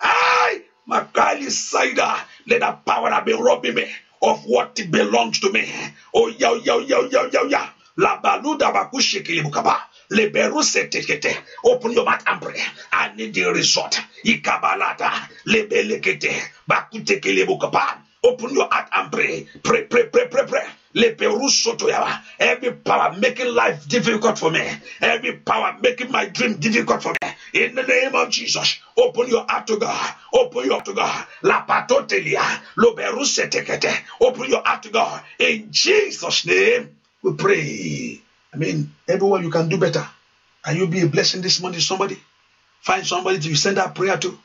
I, Makali Saida, let the power that been robbing me of what belongs to me. Oh, yeah, yeah, yeah, yeah, yeah, yeah. La baluda bakushikili bukaba. Leberusetekete. Open your mouth and pray. I need the result. Ikabalata. Lebelekete. bakute kilebukaba. Open your heart and pray. Pray, pray, pray, pray, pray. Every power making life difficult for me, every power making my dream difficult for me, in the name of Jesus, open your heart to God, open your heart to God, la patotelia, loberusetekete, open your heart to God, in Jesus' name, we pray. I mean, everyone, you can do better. And you be a blessing this morning to somebody. Find somebody to send that prayer to.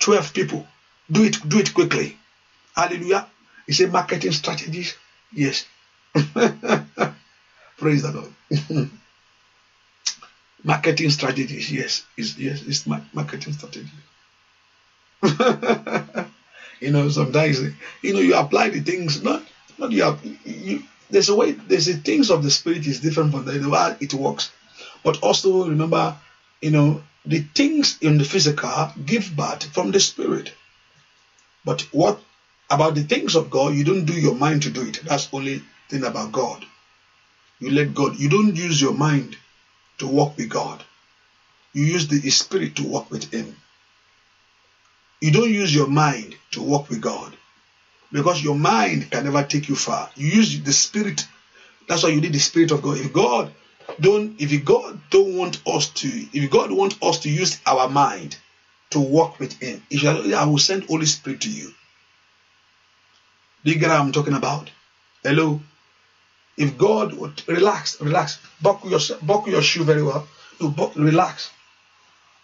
12 people. Do it, do it quickly. Hallelujah. It's a marketing strategy. Yes. Praise the Lord. marketing strategies, yes, it's, yes, it's marketing strategy. you know, sometimes you know you apply the things, not not you, have, you there's a way there's the things of the spirit is different from the, the way it works. But also remember, you know, the things in the physical give birth from the spirit. But what about the things of God? You don't do your mind to do it. That's only thing about God. You let God, you don't use your mind to walk with God. You use the Spirit to walk with Him. You don't use your mind to walk with God because your mind can never take you far. You use the Spirit. That's why you need the Spirit of God. If God don't, if God don't want us to, if God want us to use our mind to walk with Him, shall, I will send Holy Spirit to you. Do you get what I'm talking about? Hello. If God would relax, relax, buckle your, buckle your shoe very well, you relax,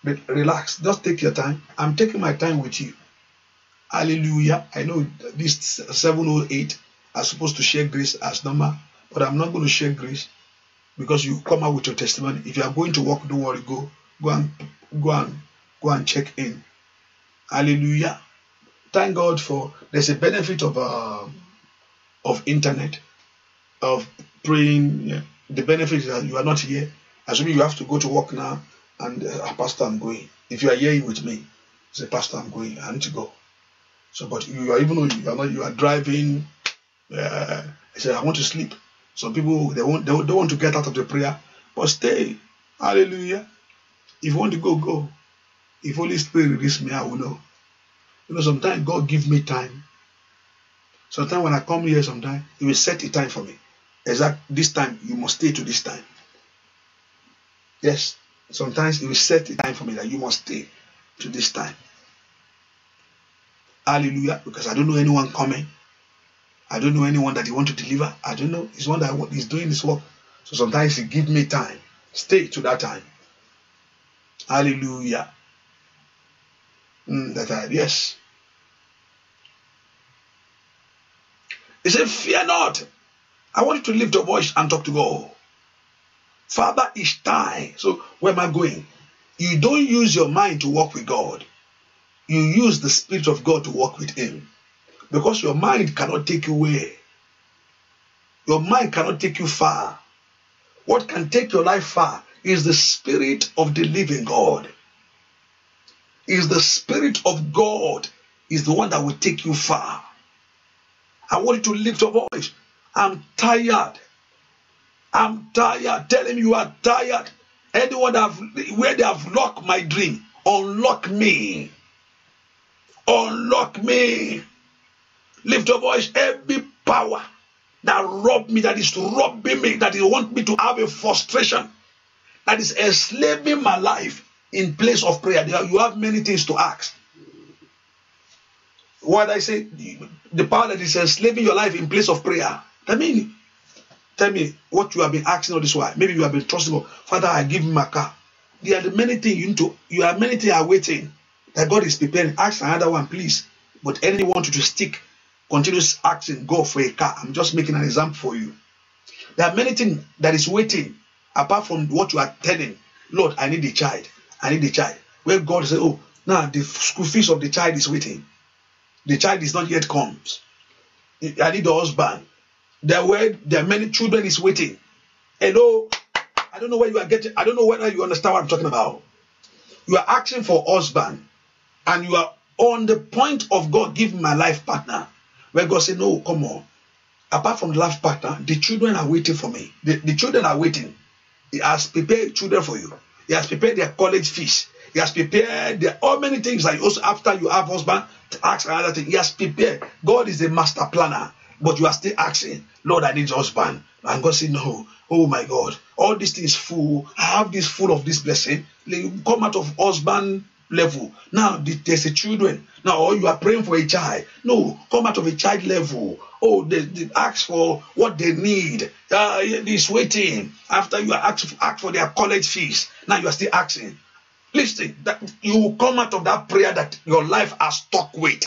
but relax, just take your time. I'm taking my time with you. Hallelujah. I know this 708 are supposed to share grace as number, but I'm not going to share grace because you come out with your testimony. If you are going to work, don't worry, go, go and go and go and check in. Hallelujah. Thank God for there's a benefit of uh, of internet of praying, yeah, the benefit is that you are not here. Assuming you have to go to work now, and uh, Pastor, I'm going. If you are here with me, say, Pastor, I'm going. I need to go. So, but you are even though you are not, you are driving. Uh, I said, I want to sleep. Some people they won't, they don't want to get out of the prayer, but stay. Hallelujah. If you want to go, go. If Holy Spirit release me, I will know. You know, sometimes God give me time. Sometimes when I come here, sometimes He will set a time for me exact this time you must stay to this time yes sometimes he will set a time for me that you must stay to this time hallelujah because i don't know anyone coming i don't know anyone that he want to deliver i don't know he's one that he's doing his work so sometimes he give me time stay to that time hallelujah mm, that I yes he said fear not I want you to lift your voice and talk to God. Father, it's time. So, where am I going? You don't use your mind to walk with God. You use the Spirit of God to walk with Him. Because your mind cannot take you away. Your mind cannot take you far. What can take your life far is the Spirit of the living God. Is the Spirit of God is the one that will take you far. I want you to lift your voice I'm tired. I'm tired. Tell him you are tired. Anyone have, where they have locked my dream, unlock me. Unlock me. Lift your voice. Every power that robbed me, that is robbing me, that you want me to have a frustration, that is enslaving my life in place of prayer. You have many things to ask. What I say, the power that is enslaving your life in place of prayer. Tell me, tell me what you have been asking all this while. Maybe you have been trusting God. Father, I give him a car. There are many things you need to, you are many things are waiting that God is preparing. Ask another one, please. But anyone want you to stick, continuous asking God for a car. I'm just making an example for you. There are many things that is waiting apart from what you are telling. Lord, I need a child. I need a child. Where God says, Oh, now the school fees of the child is waiting. The child is not yet comes. I need a husband. There were there are many children is waiting. Hello, oh, I don't know where you are getting, I don't know whether you understand what I'm talking about. You are asking for husband, and you are on the point of God giving my life partner. Where God said, No, come on. Apart from the life partner, the children are waiting for me. The, the children are waiting. He has prepared children for you. He has prepared their college fees. He has prepared the, all many things that also after you have husband to ask another thing. He has prepared. God is a master planner. but you are still asking, Lord, I need a husband. And God said, No, oh my God, all these things full. I have this full of this blessing. You come out of husband level. Now there's a children. Now you are praying for a child. No, come out of a child level. Oh, they, they ask for what they need. Uh, is waiting after you ask, ask for their college fees. Now you are still asking. Listen, that you will come out of that prayer that your life has stuck with,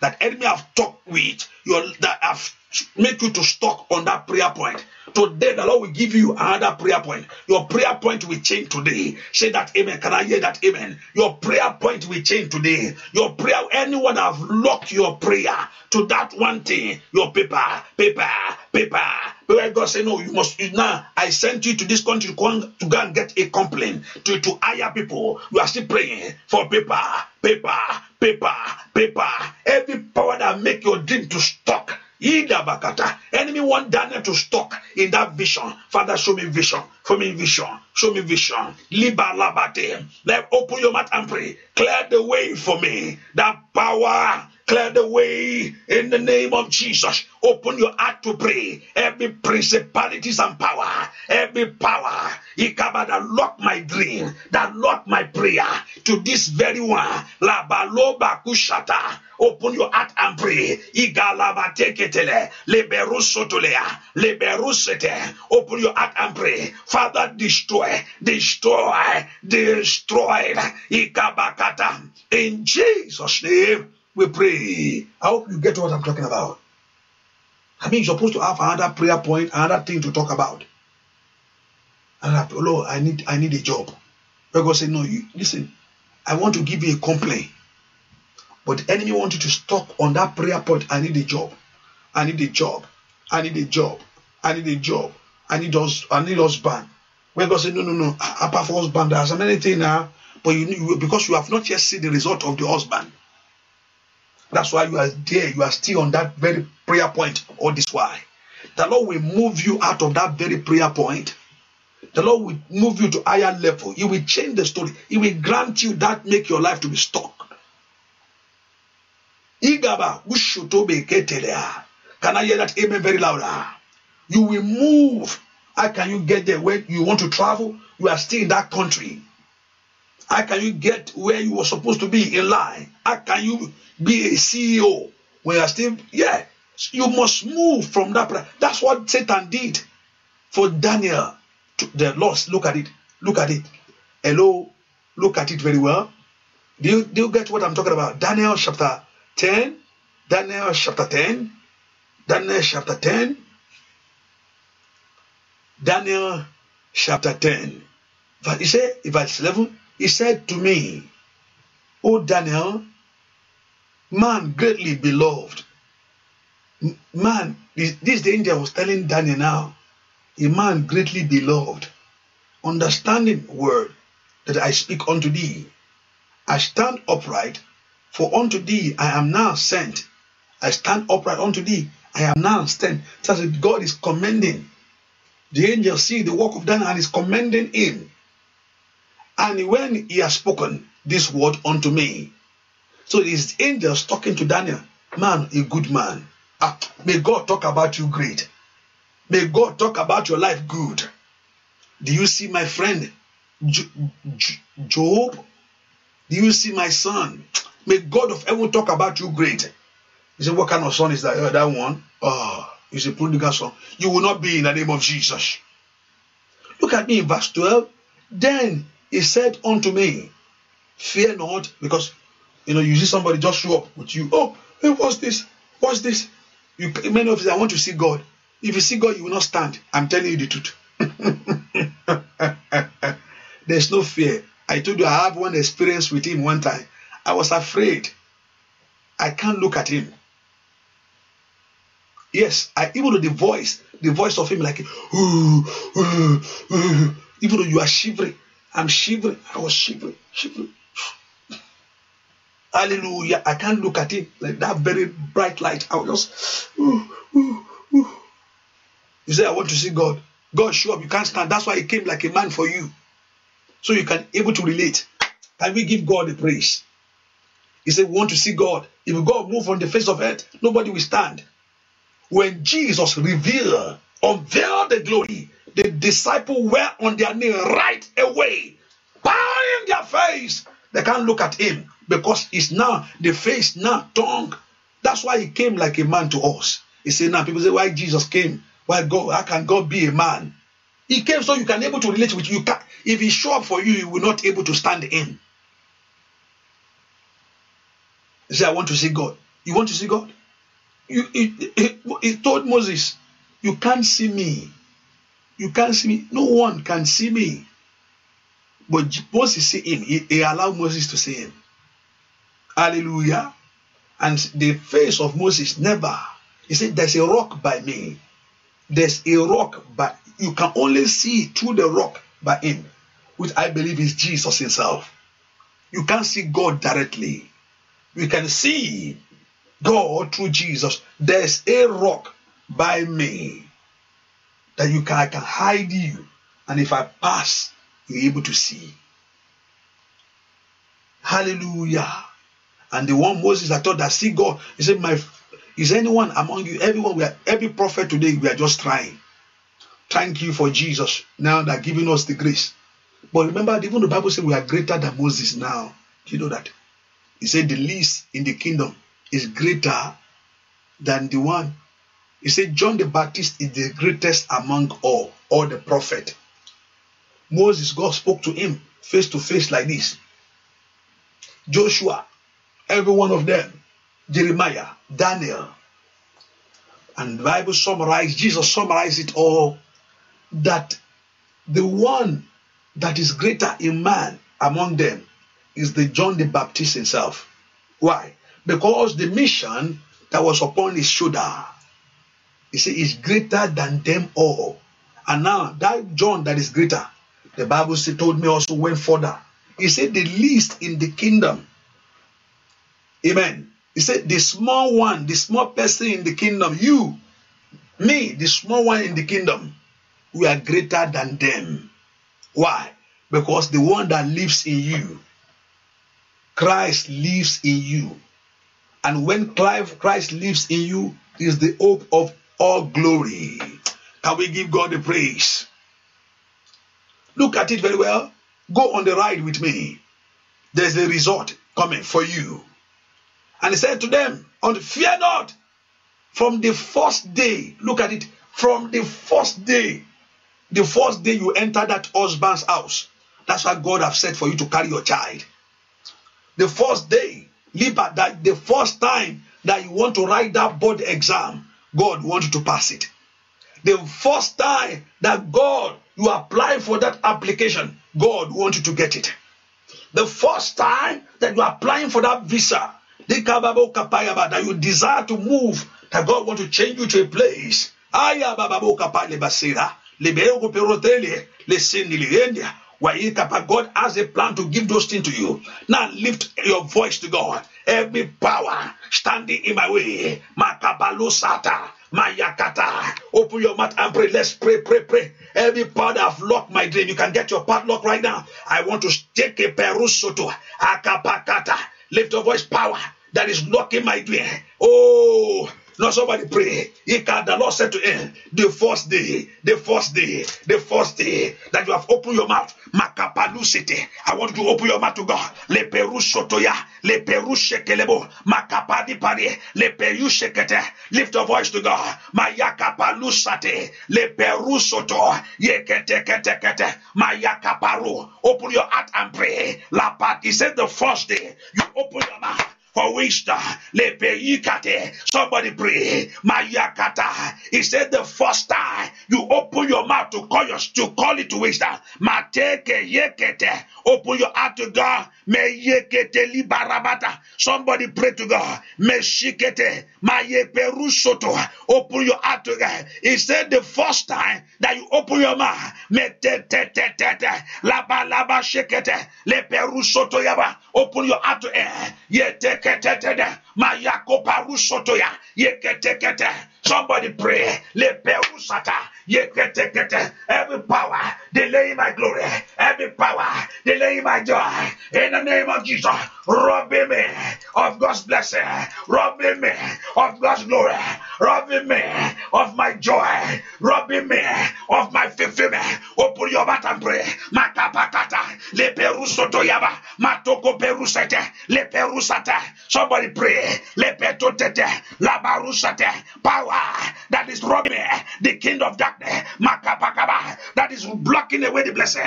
that enemy have stuck with, your that have make you to stuck on that prayer point. Today, the Lord will give you another prayer point. Your prayer point will change today. Say that amen. Can I hear that amen? Your prayer point will change today. Your prayer, anyone have locked your prayer to that one thing, your paper, paper, paper, where God said, No, you must now. I sent you to this country to go and, get a complaint to, to hire people. You are still praying for paper, paper, paper, paper. Every power that make your dream to stop. Enemy want Daniel to stuck in that vision. Father, show me vision. Show me vision. Show me vision. Liba labate. Let open your mouth and pray. Clear the way for me. That power Clear the way in the name of Jesus. Open your heart to pray. Every principalities and power, every power, Ikaba that lock my dream, that lock my prayer to this very one. La baloba kushata. Open your heart and pray. Igalaba teketele. Liberusotolea. Liberusete. Open your heart and pray. Father, destroy, destroy, destroy. Ikabakata. In Jesus' name we pray. I hope you get what I'm talking about. I mean, you're supposed to have another prayer point, another thing to talk about. And I, oh, Lord, I need, I need a job. But God said, No, you listen. I want to give you a complaint, but the enemy wanted to stop on that prayer point. I need a job. I need a job. I need a job. I need a job. I need us. I need husband. Where God said, No, no, no. Apart from husband, there's many things now. But you, because you have not yet seen the result of the husband, that's why you are there. You are still on that very prayer point all this why, The Lord will move you out of that very prayer point. The Lord will move you to higher level. He will change the story. He will grant you that make your life to be stuck. Igaba Can I hear that amen very loud? You will move. How can you get there when you want to travel? You are still in that country. How can you get where you were supposed to be in line? How can you be a CEO when you're still, yeah, you must move from that. That's what Satan did for Daniel. The loss. look at it. Look at it. Hello, look at it very well. Do you, do you get what I'm talking about? Daniel chapter 10. Daniel chapter 10. Daniel chapter 10. Daniel chapter 10. Verse, he said, verse 11. He said to me, O Daniel, man greatly beloved. Man, this, the angel was telling Daniel now, a man greatly beloved, understanding word that I speak unto thee. I stand upright, for unto thee I am now sent. I stand upright unto thee, I am now sent. So God is commending. The angel see the work of Daniel and is commending him. And when he has spoken this word unto me, so these angels talking to Daniel, man, a good man. Ah, may God talk about you great. May God talk about your life good. Do you see my friend Job? Do you see my son? May God of heaven talk about you great. He said, What kind of son is that? Oh, that one? Oh, he's a prodigal son. You will not be in the name of Jesus. Look at me in verse 12. Then he said unto me, Fear not, because you know, you see somebody just show up with you. Oh, hey, what's this? What's this? You many of you, I want to see God. If you see God, you will not stand. I'm telling you the truth. There's no fear. I told you I have one experience with him one time. I was afraid. I can't look at him. Yes, I even though the voice, the voice of him like ooh, ooh, ooh, even though you are shivering, I'm shivering. I was shivering, shivering. Hallelujah. I can't look at it like that very bright light. i was just, ooh, ooh, ooh. You say, I want to see God. God, show up. You can't stand. That's why He came like a man for you. So you can able to relate. Can we give God the praise? He said, We want to see God. If God move on the face of earth, nobody will stand. When Jesus revealed, unveiled the glory, the disciples were on their knee right away, bowing their face. They can't look at him because it's now the face, now tongue. That's why he came like a man to us. He said, now people say, why Jesus came? Why God? How can God be a man? He came so you can able to relate with you. If he show up for you, you will not able to stand in. He said, I want to see God. You want to see God? You, he, he, he told Moses, you can't see me you can't see me. No one can see me. But Moses see him. He, they allow Moses to see him. Hallelujah. And the face of Moses never. He said, There's a rock by me. There's a rock by you can only see through the rock by him, which I believe is Jesus Himself. You can't see God directly. You can see God through Jesus. There's a rock by me that you can, I can hide you, and if I pass, you're able to see. Hallelujah. And the one Moses I thought that see God, he said, My is anyone among you? Everyone, we are every prophet today, we are just trying. Thank you for Jesus now that giving us the grace. But remember, even the Bible said we are greater than Moses now. Do you know that? He said the least in the kingdom is greater than the one he said, John the Baptist is the greatest among all, all the prophet. Moses, God spoke to him face to face like this. Joshua, every one of them, Jeremiah, Daniel. And the Bible summarized, Jesus summarized it all that the one that is greater in man among them is the John the Baptist himself. Why? Because the mission that was upon his shoulder he said, is greater than them all. And now that John that is greater, the Bible said, told me also went further. He said, the least in the kingdom. Amen. He said, the small one, the small person in the kingdom, you, me, the small one in the kingdom, we are greater than them. Why? Because the one that lives in you, Christ lives in you. And when Christ lives in you, is the hope of all glory. Can we give God the praise? Look at it very well. Go on the ride with me. There's a resort coming for you. And he said to them, On fear not, from the first day, look at it, from the first day, the first day you enter that husband's house. That's what God has said for you to carry your child. The first day, Liba, that the first time that you want to write that board exam, God wants you to pass it. The first time that God, you apply for that application, God wants you to get it. The first time that you are applying for that visa, that you desire to move, that God wants to change you to a place. Where you capable? God has a plan to give those things to you. Now lift your voice to God. Every power standing in my way, Makabalosata, Mayakata. Open your mouth and pray. Let's pray, pray, pray. Every power that have locked my dream, you can get your padlock right now. I want to take a perusoto, akapakata. Lift your voice, power that is locking my dream. Oh, Now somebody pray. He can. The Lord said to him, the first day, the first day, the first day that you have opened your mouth, Makapalu City. I want you to open your mouth to God. Le peru sotoya, le peru shekelebo, makapadi pari, le peru shekete. Lift your voice to God. Mayakapalusate, le peru soto, yekete kete kete, mayakaparu. Open your heart and pray. La pat. said the first day you open your mouth for wisdom. Somebody pray. Mayakata. He said the first time you open your mouth to call your, to call it to wisdom. Mateke yekete. Open your heart to God Somebody pray to God. Meshikete. Mayeperusoto. Open your heart to God. He said the first time that you open your mouth. Metetetetete. Laba laba shekete. Leperusoto yaba. Open your heart to God. Yeteketetete. Mayakoparusoto ya. Yeketekete. Somebody pray. Leperusata. Every power delaying my glory, every power delaying my joy, in the name of Jesus, robbing me of God's blessing, robbing me of God's glory, robbing me of my joy, robbing me of my fulfillment. Open your mouth and pray. Makapakata, leperuso toyaba, matoko perusete, leperusata. Somebody pray. Lepetotete, labarusate. Power that is robbing me, the king of darkness. that is blocking away the blessing.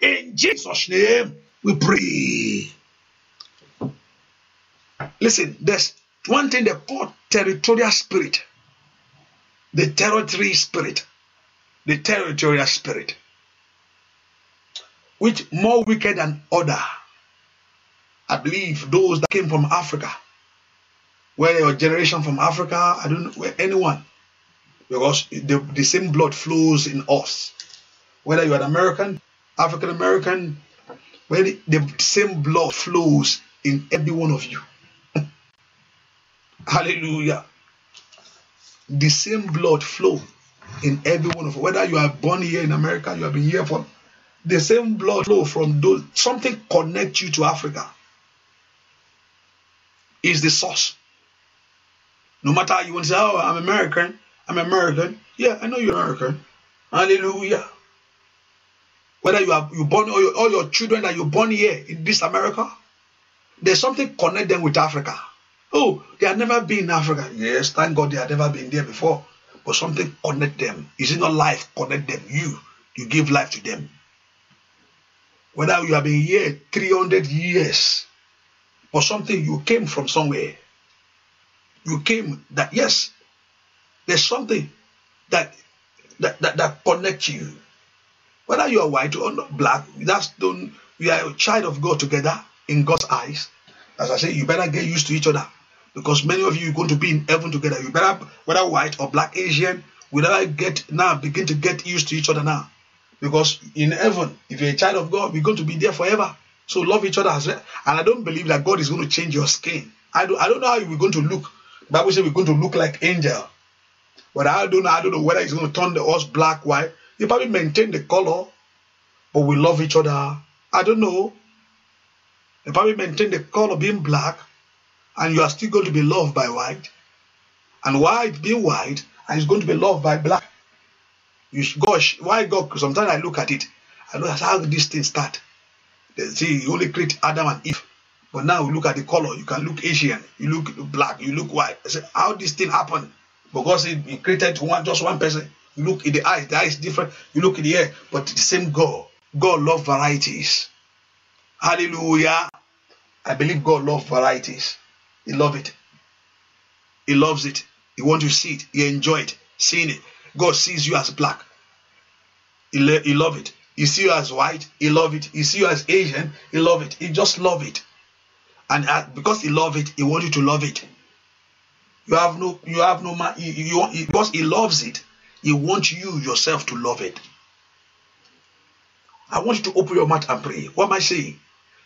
In Jesus' name, we pray. Listen, there's one thing they call territorial spirit, the territory spirit, the territorial spirit, which more wicked than other. I believe those that came from Africa whether your generation from Africa, I don't know, anyone, because the, the same blood flows in us. Whether you are American, African American, where the, the same blood flows in every one of you. Hallelujah. The same blood flow in every one of you. Whether you are born here in America, you have been here for the same blood flow from those. Something connects you to Africa. Is the source. No matter how you want to say, oh, I'm American, I'm American. Yeah, I know you're American. Hallelujah. Whether you are you born or your, all your children that you're born here in this America, there's something connect them with Africa. Oh, they have never been in Africa. Yes, thank God they have never been there before. But something connect them. Is it not life connect them? You, you give life to them. Whether you have been here 300 years, or something, you came from somewhere you came that yes, there's something that that, that, that connects you. Whether you are white or not black, that's we are a child of God together in God's eyes. As I say, you better get used to each other because many of you are going to be in heaven together. You better, whether white or black, Asian, we better get now begin to get used to each other now because in heaven, if you're a child of God, we're going to be there forever. So love each other as well. And I don't believe that God is going to change your skin. I don't, I don't know how you're going to look Bible says we're going to look like angel. But I don't know, I don't know whether it's going to turn the horse black, white. You probably maintain the color, but we love each other. I don't know. You probably maintain the color being black, and you are still going to be loved by white. And white being white, and it's going to be loved by black. You gosh, why God? Sometimes I look at it. I look at how these things start. They see, He only create Adam and Eve. But now look at the color. You can look Asian, you look black, you look white. I said, how this thing happened? Because it, it created one, just one person. You look in the eyes, the eyes different. You look in the hair, but the same God. God love varieties. Hallelujah. I believe God love varieties. He love it. He loves it. He wants to see it. He enjoy it. Seeing it. God sees you as black. He, he love it. He see you as white. He love it. He see you as Asian. He love it. He just love it and uh, because he loves it he want you to love it you have no you have no man you, you, you, because he loves it he wants you yourself to love it i want you to open your mouth and pray what am i saying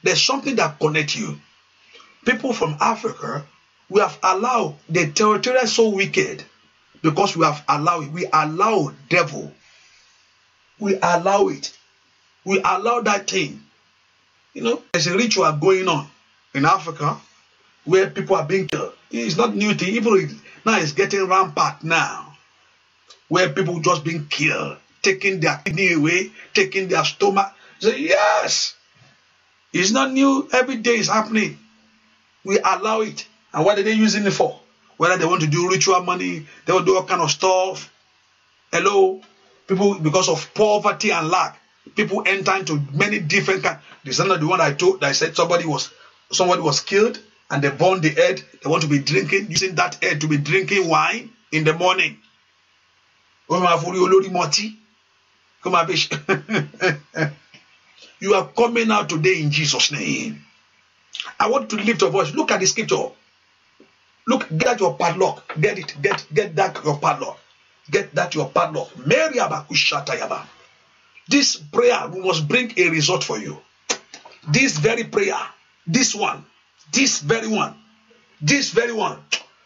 there's something that connects you people from africa we have allowed the territorial so wicked because we have allowed we allow devil we allow it we allow that thing you know there's a ritual going on in Africa where people are being killed. It's not new thing. Even now it's getting rampant now where people just being killed, taking their kidney away, taking their stomach. Say, yes, it's not new. Every day is happening. We allow it. And what are they using it for? Whether they want to do ritual money, they will do all kind of stuff. Hello, people because of poverty and lack, people enter into many different kinds. This is not the one I told. I said somebody was somebody was killed and they burn the head, they want to be drinking, using that head to be drinking wine in the morning. You are coming out today in Jesus' name. I want to lift your voice. Look at the scripture. Look, get your padlock. Get it. Get get that your padlock. Get that your padlock. Mary yaba. This prayer must bring a result for you. This very prayer this one, this very one, this very one,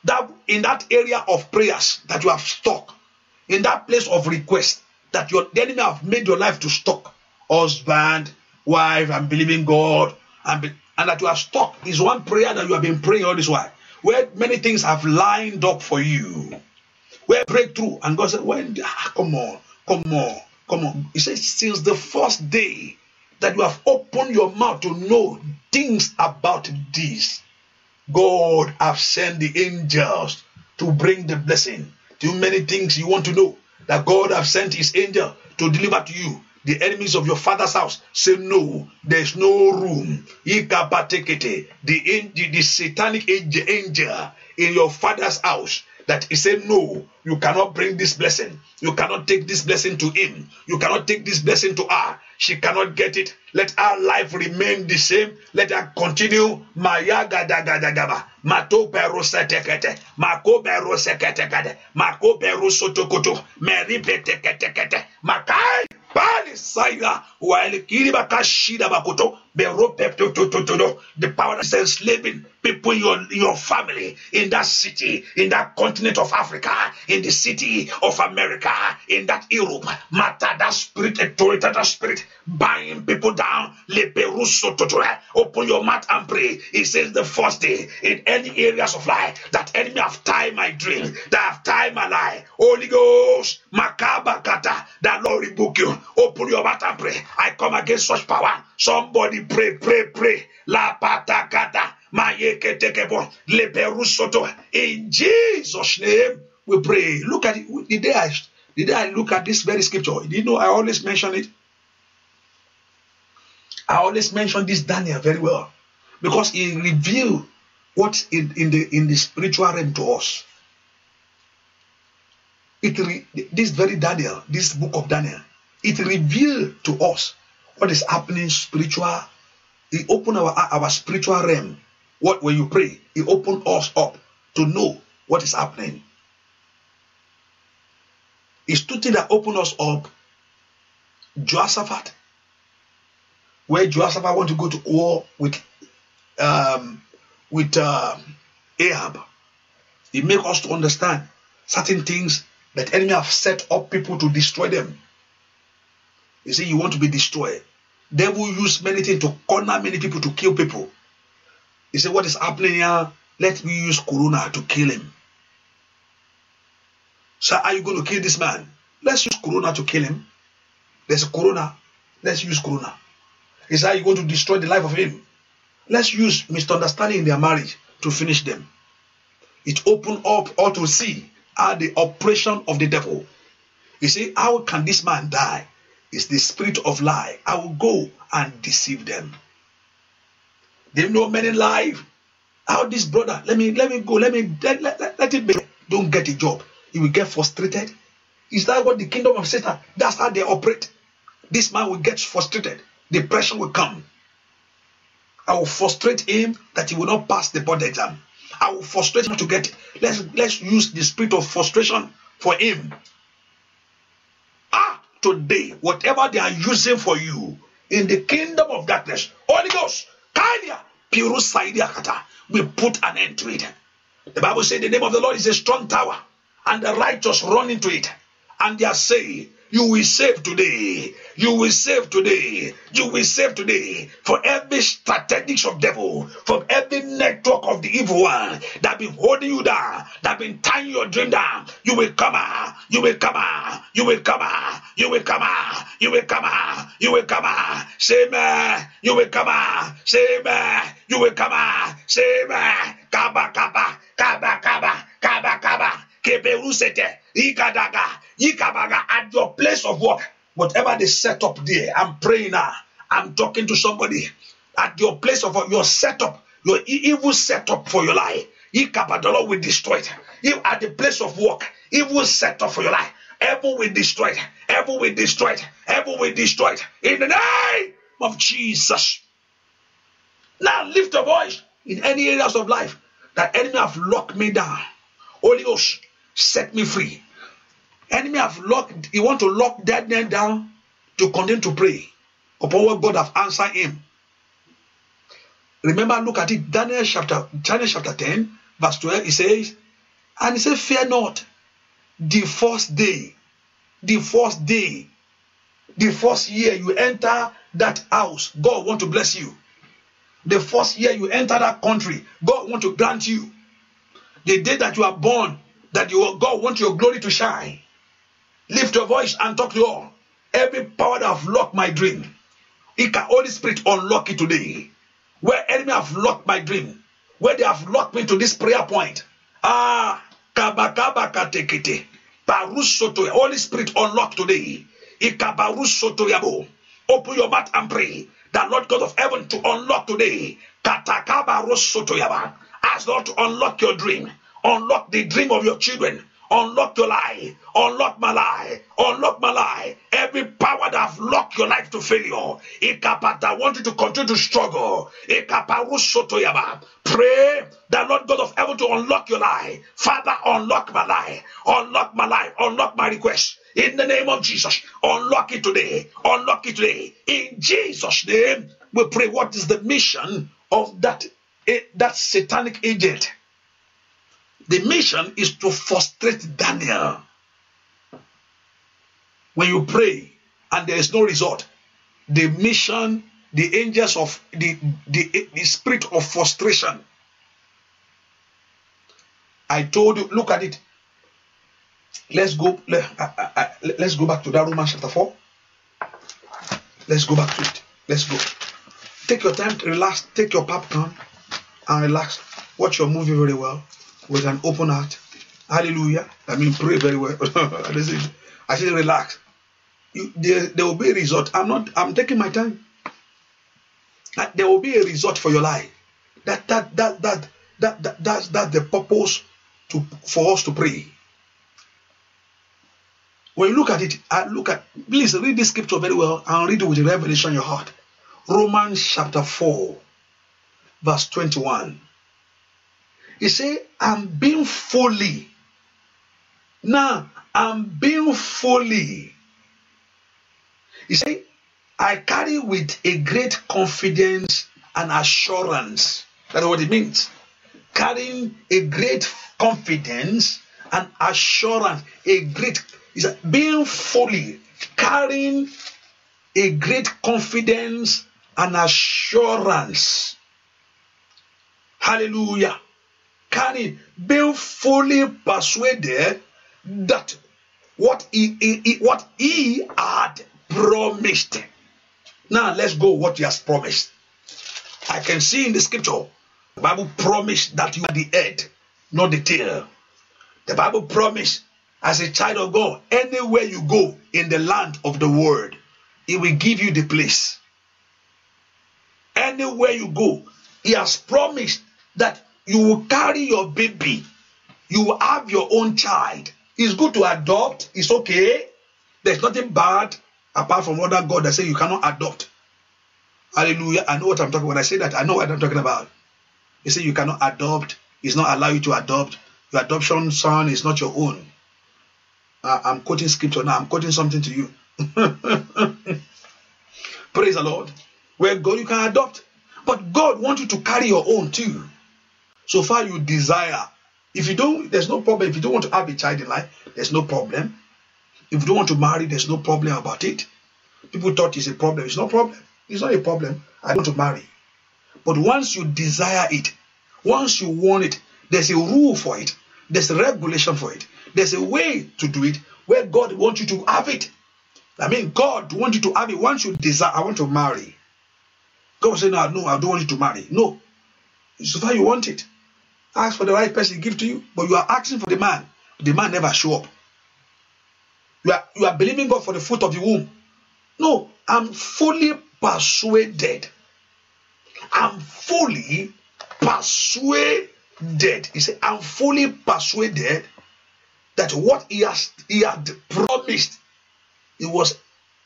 that in that area of prayers that you have stuck, in that place of request that your the enemy have made your life to stuck, husband, wife, and believing God, and, be, and that you are stuck is one prayer that you have been praying all this while, where many things have lined up for you, where breakthrough, and God said, when, ah, come on, come on, come on. He says, since the first day that you have opened your mouth to know things about this. God have sent the angels to bring the blessing. Too many things you want to know that God have sent his angel to deliver to you. The enemies of your father's house say no, there's no room. The, the, the satanic angel in your father's house that he said, No, you cannot bring this blessing. You cannot take this blessing to him. You cannot take this blessing to her. She cannot get it. Let her life remain the same. Let her continue. Maya gadagadagaba. Mato peru setekete. Mako peru seketekete. Mako peru sotokoto. Meri petekete. Makai. Bye. Saida, the power that is enslaving people in your, your family, in that city, in that continent of Africa, in the city of America, in that Europe. Matter that spirit, authority, that spirit, buying people down. Open your mouth and pray. He says the first day, in any areas of life, that enemy have tied my dream, that have tied my life. Holy Ghost, katta that Lord rebuke you. Open Open your mouth and pray. I come against such power. Somebody pray, pray, pray. La patagada. In Jesus' name, we pray. Look at it. The day I, the day I look at this very scripture, you know I always mention it? I always mention this Daniel very well because he revealed what in, in the in the spiritual realm to us. It re, this very Daniel, this book of Daniel, it revealed to us what is happening spiritual. It opened our, our spiritual realm. What when you pray, it opened us up to know what is happening. It's two things that open us up. Jehoshaphat, where Jehoshaphat want to go to war with um, with uh, Ahab. It make us to understand certain things that enemy have set up people to destroy them. They say You want to be destroyed. Devil use many things to corner many people to kill people. They say What is happening here? Let me use corona to kill him. So are you going to kill this man? Let's use corona to kill him. There's corona. Let's use corona. Is that You're going to destroy the life of him. Let's use misunderstanding in their marriage to finish them. It opened up all to see how the oppression of the devil. You see, how can this man die? It's the spirit of lie. I will go and deceive them. They know many life. How this brother, let me let me go, let me let, let, let, let it be. Don't get a job. You will get frustrated. Is that what the kingdom of Satan? That's how they operate. This man will get frustrated. Depression will come. I will frustrate him that he will not pass the board exam. I will frustrate him to get it. Let's let's use the spirit of frustration for him today, whatever they are using for you in the kingdom of darkness, Holy Ghost, we put an end to it. The Bible says the name of the Lord is a strong tower, and the righteous run into it, and they are saying, you will save today. You will save today. You will save today for every strategies of devil, from every network of the evil one that been holding you down, that been tying your dream down. You will come out. You will come out. You will come out. You will come out. You will come out. You will come out. Say me. You will come out. Say me. You will come out. Say me. Kaba kaba kaba kaba kaba kaba. Keberusete, Ikadaga, Ikabaga, at your place of work, whatever they set up there, I'm praying now. I'm talking to somebody at your place of your setup, your evil setup for your life. Ikabadolo will destroy it. If at the place of work, evil setup for your life, evil will destroy it. Evil will destroy it. Evil will destroy it. In the name of Jesus. Now lift a voice in any areas of life that enemy have locked me down. Holy Ghost, set me free. Enemy have locked, he want to lock that man down to continue to pray upon what God have answered him. Remember, look at it, Daniel chapter, Daniel chapter 10, verse 12, he says, and he said, Fear not, the first day, the first day, the first year you enter that house, God want to bless you. The first year you enter that country, God want to grant you. The day that you are born, that you, God wants your glory to shine. Lift your voice and talk to all. Every power that have locked my dream, it can Holy Spirit unlock it today. Where enemy have locked my dream, where they have locked me to this prayer point. Ah, kabakaba katekete. Barusoto, Holy Spirit unlock today. Ikabarusoto yabo. Open your mouth and pray. that Lord God of heaven to unlock today. Katakaba rosoto yaba. Ask Lord to unlock your dream. Unlock the dream of your children. Unlock your lie. Unlock my lie. Unlock my lie. Every power that have locked your life to failure. Ikapata, want you to continue to struggle. Ikaparusotoyaba. Pray the Lord God of heaven to unlock your lie. Father, unlock my lie. Unlock my life. Unlock my request. In the name of Jesus, unlock it today. Unlock it today. In Jesus' name, we pray. What is the mission of that, eh, that satanic agent? The mission is to frustrate Daniel. When you pray and there is no result, the mission, the angels of the, the, the spirit of frustration. I told you, look at it. Let's go. Let, us uh, uh, uh, go back to that Romans chapter four. Let's go back to it. Let's go. Take your time to relax. Take your popcorn and relax. Watch your movie very well with an open heart. Hallelujah. I mean, pray very well. I said, I said relax. You, there, there will be a result. I'm not. I'm taking my time. Uh, there will be a result for your life. That that that that that, that that's that the purpose to for us to pray. When you look at it, I uh, look at please read this scripture very well and read it with the revelation in your heart. Romans chapter 4, verse 21. He said, I'm being fully. Now, I'm being fully. He said, I carry with a great confidence and assurance. That's what it means. Carrying a great confidence and assurance. A great, is being fully, carrying a great confidence and assurance. Hallelujah he being fully persuaded that what he, he, he, what he had promised. Now let's go what he has promised. I can see in the scripture, the Bible promised that you are the head, not the tail. The Bible promised as a child of God, anywhere you go in the land of the world, He will give you the place. Anywhere you go, He has promised that you will carry your baby. You will have your own child. It's good to adopt. It's okay. There's nothing bad apart from other God that say you cannot adopt. Hallelujah. I know what I'm talking about. When I say that, I know what I'm talking about. They say you cannot adopt. It's not allow you to adopt. Your adoption son is not your own. I'm quoting scripture now. I'm quoting something to you. Praise the Lord. Where God you can adopt. But God wants you to carry your own too. So far you desire. If you don't, there's no problem. If you don't want to have a child in life, there's no problem. If you don't want to marry, there's no problem about it. People thought it's a problem. It's no problem. It's not a problem. I want to marry. But once you desire it, once you want it, there's a rule for it. There's a regulation for it. There's a way to do it where God wants you to have it. I mean, God wants you to have it. Once you desire, I want to marry. God will say, no, no, I don't want you to marry. No. So far you want it. Ask for the right person give to you, but you are asking for the man. The man never show up. You are, you are believing God for the fruit of the womb. No, I'm fully persuaded. I'm fully persuaded. He said, I'm fully persuaded that what he has he had promised, he was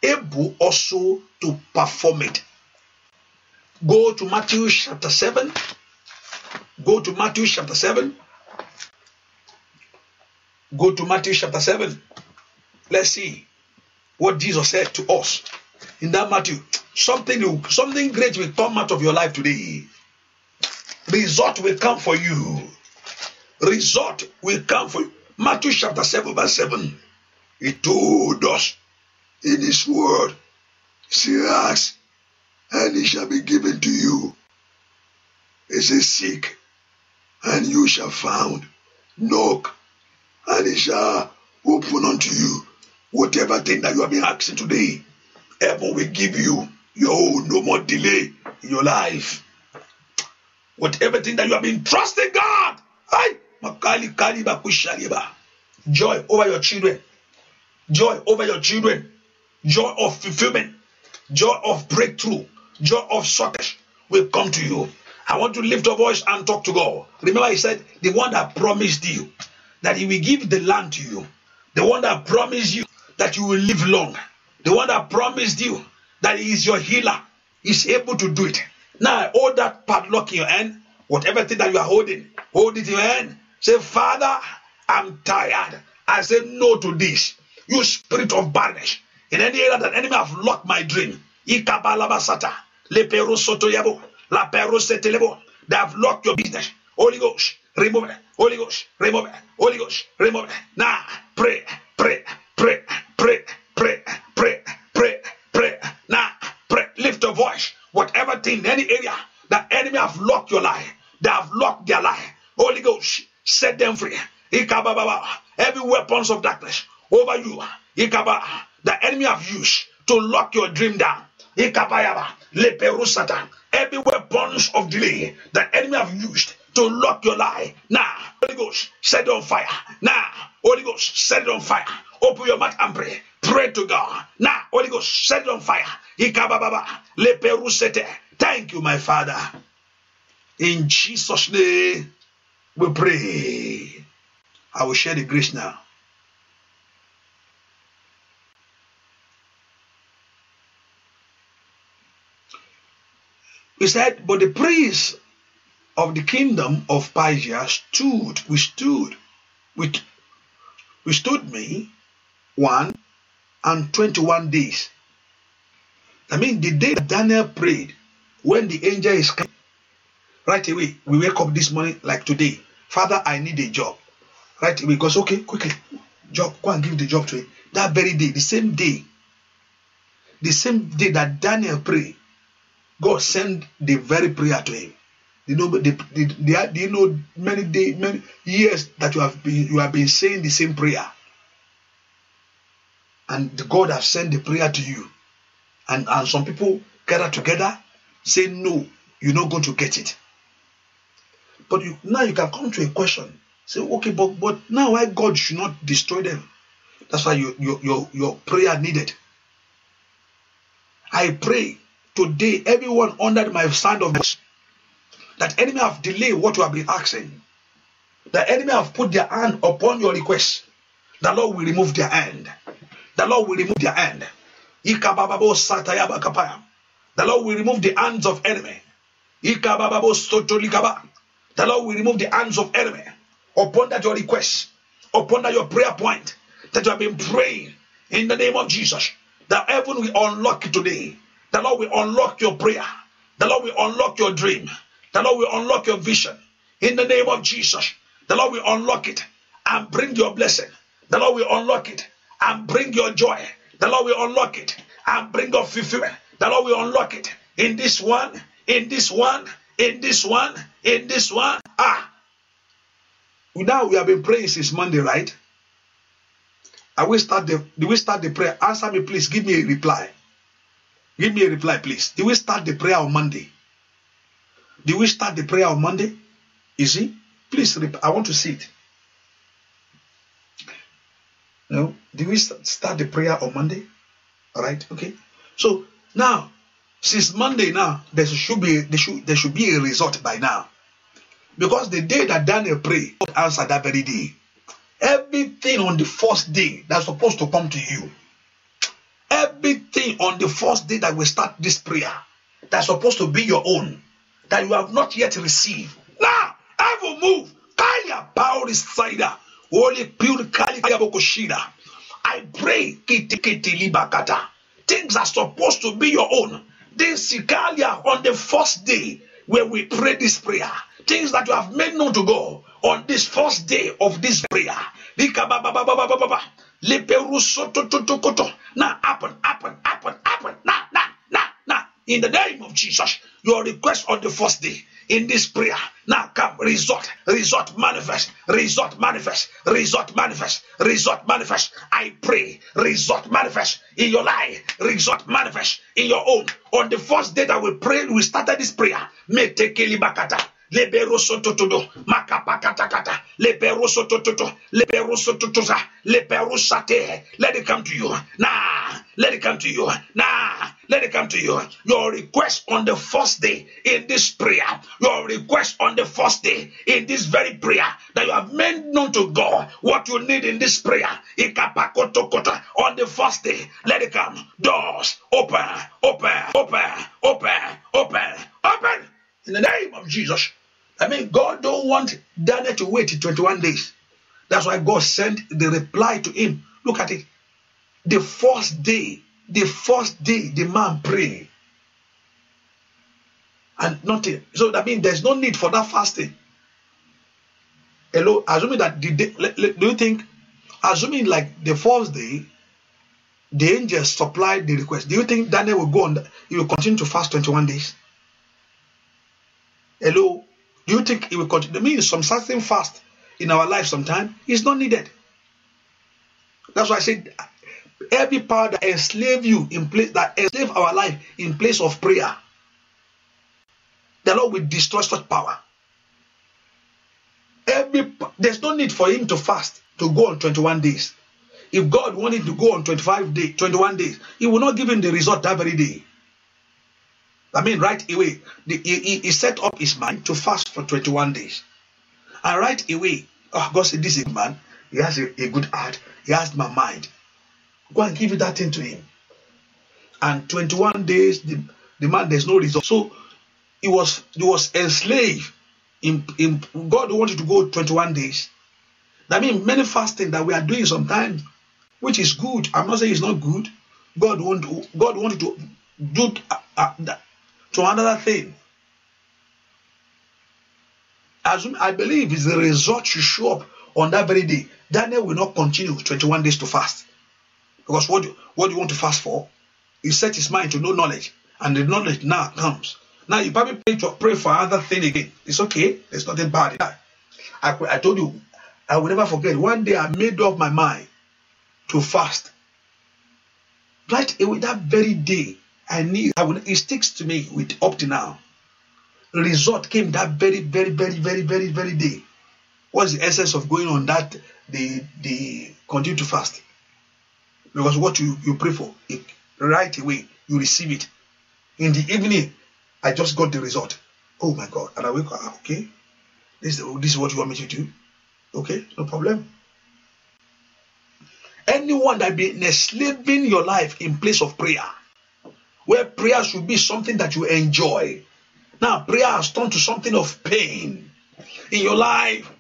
able also to perform it. Go to Matthew chapter 7, Go to Matthew chapter 7. Go to Matthew chapter 7. Let's see what Jesus said to us in that Matthew. Something, something great will come out of your life today. Result will come for you. Result will come for you. Matthew chapter 7, verse 7. He told us in his word, see us, and it shall be given to you. It Seek, and you shall find. Knock, and it shall open unto you. Whatever thing that you have been asking today, heaven will give you your own. No more delay in your life. Whatever thing that you have been trusting God, hey, Joy over your children. Joy over your children. Joy of fulfillment. Joy of breakthrough. Joy of success will come to you. I want you to lift your voice and talk to God. Remember, I said, the one that promised you that he will give the land to you, the one that promised you that you will live long, the one that promised you that he is your healer, is able to do it. Now, hold that padlock in your hand, whatever thing that you are holding, hold it in your hand. Say, Father, I'm tired. I say no to this. You spirit of barrenness. In any area that enemy have locked my dream. soto yabo. La Perosetelebo. They have locked your business. Holy Ghost, remove it. Holy Ghost, remove it. Holy Ghost, remove it. Now pray, pray, pray, pray, pray, pray, pray, pray. Now pray. Lift your voice. Whatever thing, any area the enemy have locked your life, they have locked their life. Holy Ghost, set them free. Ikababa, every weapons of darkness over you, Ikaba, the enemy have used to lock your dream down. Ikabayaba, Leperusata, every weapons of delay the enemy have used to lock your life. Now, Holy Ghost, set it on fire. Now, Holy Ghost, set it on fire. Open your mouth and pray. Pray to God. Now, Holy Ghost, set it on fire. Ikabababa, Leperusete. Thank you, my Father. In Jesus' name, we pray. I will share the grace now. He said, But the priests of the kingdom of Persia stood, we stood, we, we stood me one and 21 days. I mean, the day that Daniel prayed, when the angel is coming, right away, we wake up this morning like today. Father, I need a job. Right away, goes, okay, quickly, job, go and give the job to him. That very day, the same day, the same day that Daniel prayed, God sent the very prayer to him. You know, they, they, they, know many days, many years that you have been you have been saying the same prayer, and God has sent the prayer to you, and and some people gather together, say no, you're not going to get it. But you, now you can come to a question, say okay, but but now why God should not destroy them? That's why your your your, your prayer needed. I pray Today, everyone under my sound of voice, that enemy have delayed what you have been asking. The enemy have put their hand upon your request. The Lord will remove their hand. The Lord will remove their hand. The Lord will remove the hands of enemy. The Lord will remove the hands of enemy upon that your request, upon that your prayer point that you have been praying in the name of Jesus. The heaven will unlock today. The Lord will unlock your prayer. The Lord will unlock your dream. The Lord will unlock your vision. In the name of Jesus, the Lord will unlock it and bring your blessing. The Lord will unlock it and bring your joy. The Lord will unlock it and bring your fulfillment. The Lord will unlock it in this one, in this one, in this one, in this one. Ah. Now we have been praying since Monday, right? I will start the, we start the prayer. Answer me, please. Give me a reply. Give me a reply, please. Did we start the prayer on Monday? Did we start the prayer on Monday? Is it? Please, I want to see it. No, did we start the prayer on Monday? All right, okay. So now, since Monday now, there should be there should there should be a result by now, because the day that Daniel prayed, God answered that very day. Everything on the first day that's supposed to come to you everything on the first day that we start this prayer that's supposed to be your own that you have not yet received. Now, I will move. Kaya Pauli Saida. Holy Pure Kali Bokoshida. I pray kiti kiti libakata. Things are supposed to be your own. This Ikalia on the first day where we pray this prayer. Things that you have made known to God on this first day of this prayer. Now happen, happen, happen, happen. Now, now, now, now. In the name of Jesus, your request on the first day in this prayer now come result, result manifest, result manifest, result manifest, resort manifest. I pray, result manifest in your life, result manifest in your own. On the first day that we pray we started this prayer. May take leberosototodo makapakatakata leberosotototo leberosototoza leberosate let it come to you nah let it come to you nah let it come to you your request on the first day in this prayer your request on the first day in this very prayer that you have made known to God what you need in this prayer on the first day let it come doors open open open open open open in the name of Jesus I mean, God don't want Daniel to wait 21 days. That's why God sent the reply to him. Look at it. The first day, the first day, the man prayed. And nothing. So that means there's no need for that fasting. Hello, assuming that the day, do you think, assuming like the first day, the angels supplied the request. Do you think Daniel will go on? He will continue to fast 21 days. Hello, do you think it will continue? I mean, some certain fast in our life sometime is not needed. That's why I said every power that enslave you in place that enslave our life in place of prayer, the Lord will destroy such power. Every there's no need for him to fast to go on 21 days. If God wanted to go on 25 days, 21 days, He will not give him the result that very day. I mean, right away, the, he, he, set up his mind to fast for 21 days. And right away, oh, God said, This man, he has a, a good heart, he has my mind. Go and give that thing to him. And 21 days, the, the man, there's no result. So he was he was enslaved. In, in God wanted to go 21 days. That means many fasting that we are doing sometimes, which is good. I'm not saying it's not good. God want God wanted to do uh, uh, to another thing. as I believe is the result you show up on that very day. Daniel will not continue 21 days to fast. Because what do, what do you want to fast for? He set his mind to no knowledge, and the knowledge now comes. Now you probably pray to pray for other thing again. It's okay. There's nothing bad in that. I, I told you, I will never forget. One day I made up my mind to fast. Right away, that very day, I knew I would, it sticks to me with up to now. Result came that very, very, very, very, very, very day. What's the essence of going on that the the continue to fast? Because what you, you pray for, it, right away, you receive it. In the evening, I just got the result. Oh my God. And I wake up, okay. This, this is what you want me to do. Okay, no problem. Anyone that be enslaving your life in place of prayer where prayer should be something that you enjoy. Now, prayer has turned to something of pain in your life.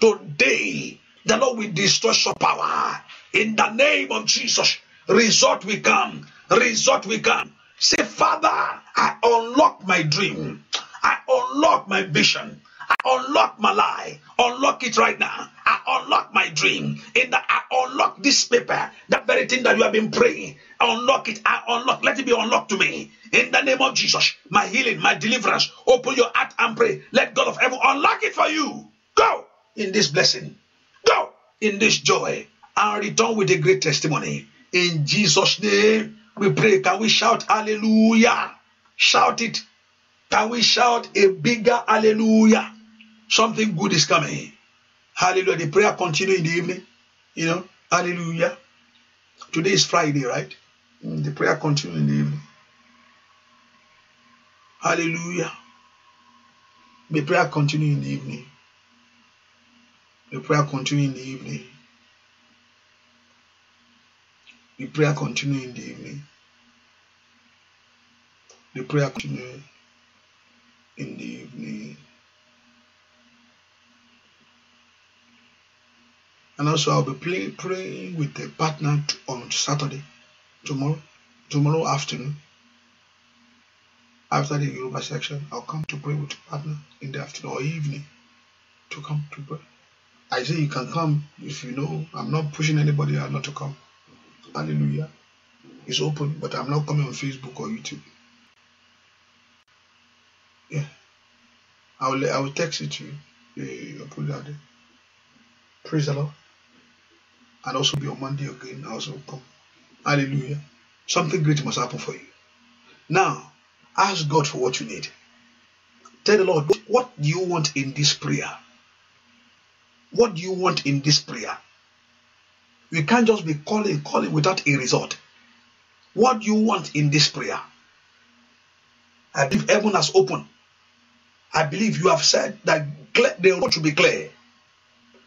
Today, the Lord will destroy your power. In the name of Jesus, result we come. Result we come. Say, Father, I unlock my dream. I unlock my vision. I unlock my life. Unlock it right now unlock my dream, in that I unlock this paper, that very thing that you have been praying, I unlock it, I unlock, let it be unlocked to me. In the name of Jesus, my healing, my deliverance, open your heart and pray. Let God of heaven unlock it for you. Go in this blessing, go in this joy, and return with a great testimony. In Jesus' name, we pray. Can we shout hallelujah? Shout it. Can we shout a bigger hallelujah? Something good is coming. Hallelujah. The prayer continue in the evening. You know, hallelujah. Today is Friday, right? Mm, the prayer continue in the evening. Hallelujah. The prayer continue in the evening. The prayer continue in the evening. The prayer continue in the evening. The prayer continue in the evening. And also, I'll be play, praying with a partner on Saturday, tomorrow, tomorrow afternoon. After the Yoruba section, I'll come to pray with a partner in the afternoon or evening to come to pray. I say you can come if you know. I'm not pushing anybody out not to come. Hallelujah. It's open, but I'm not coming on Facebook or YouTube. Yeah. I will I will text it to you. Yeah, I'll put it out there. Praise the Lord. And also be on Monday again. I'll also come. Hallelujah. Something great must happen for you. Now, ask God for what you need. Tell the Lord, what do you want in this prayer? What do you want in this prayer? We can't just be calling, calling without a result. What do you want in this prayer? I believe heaven has opened. I believe you have said that the road should be clear.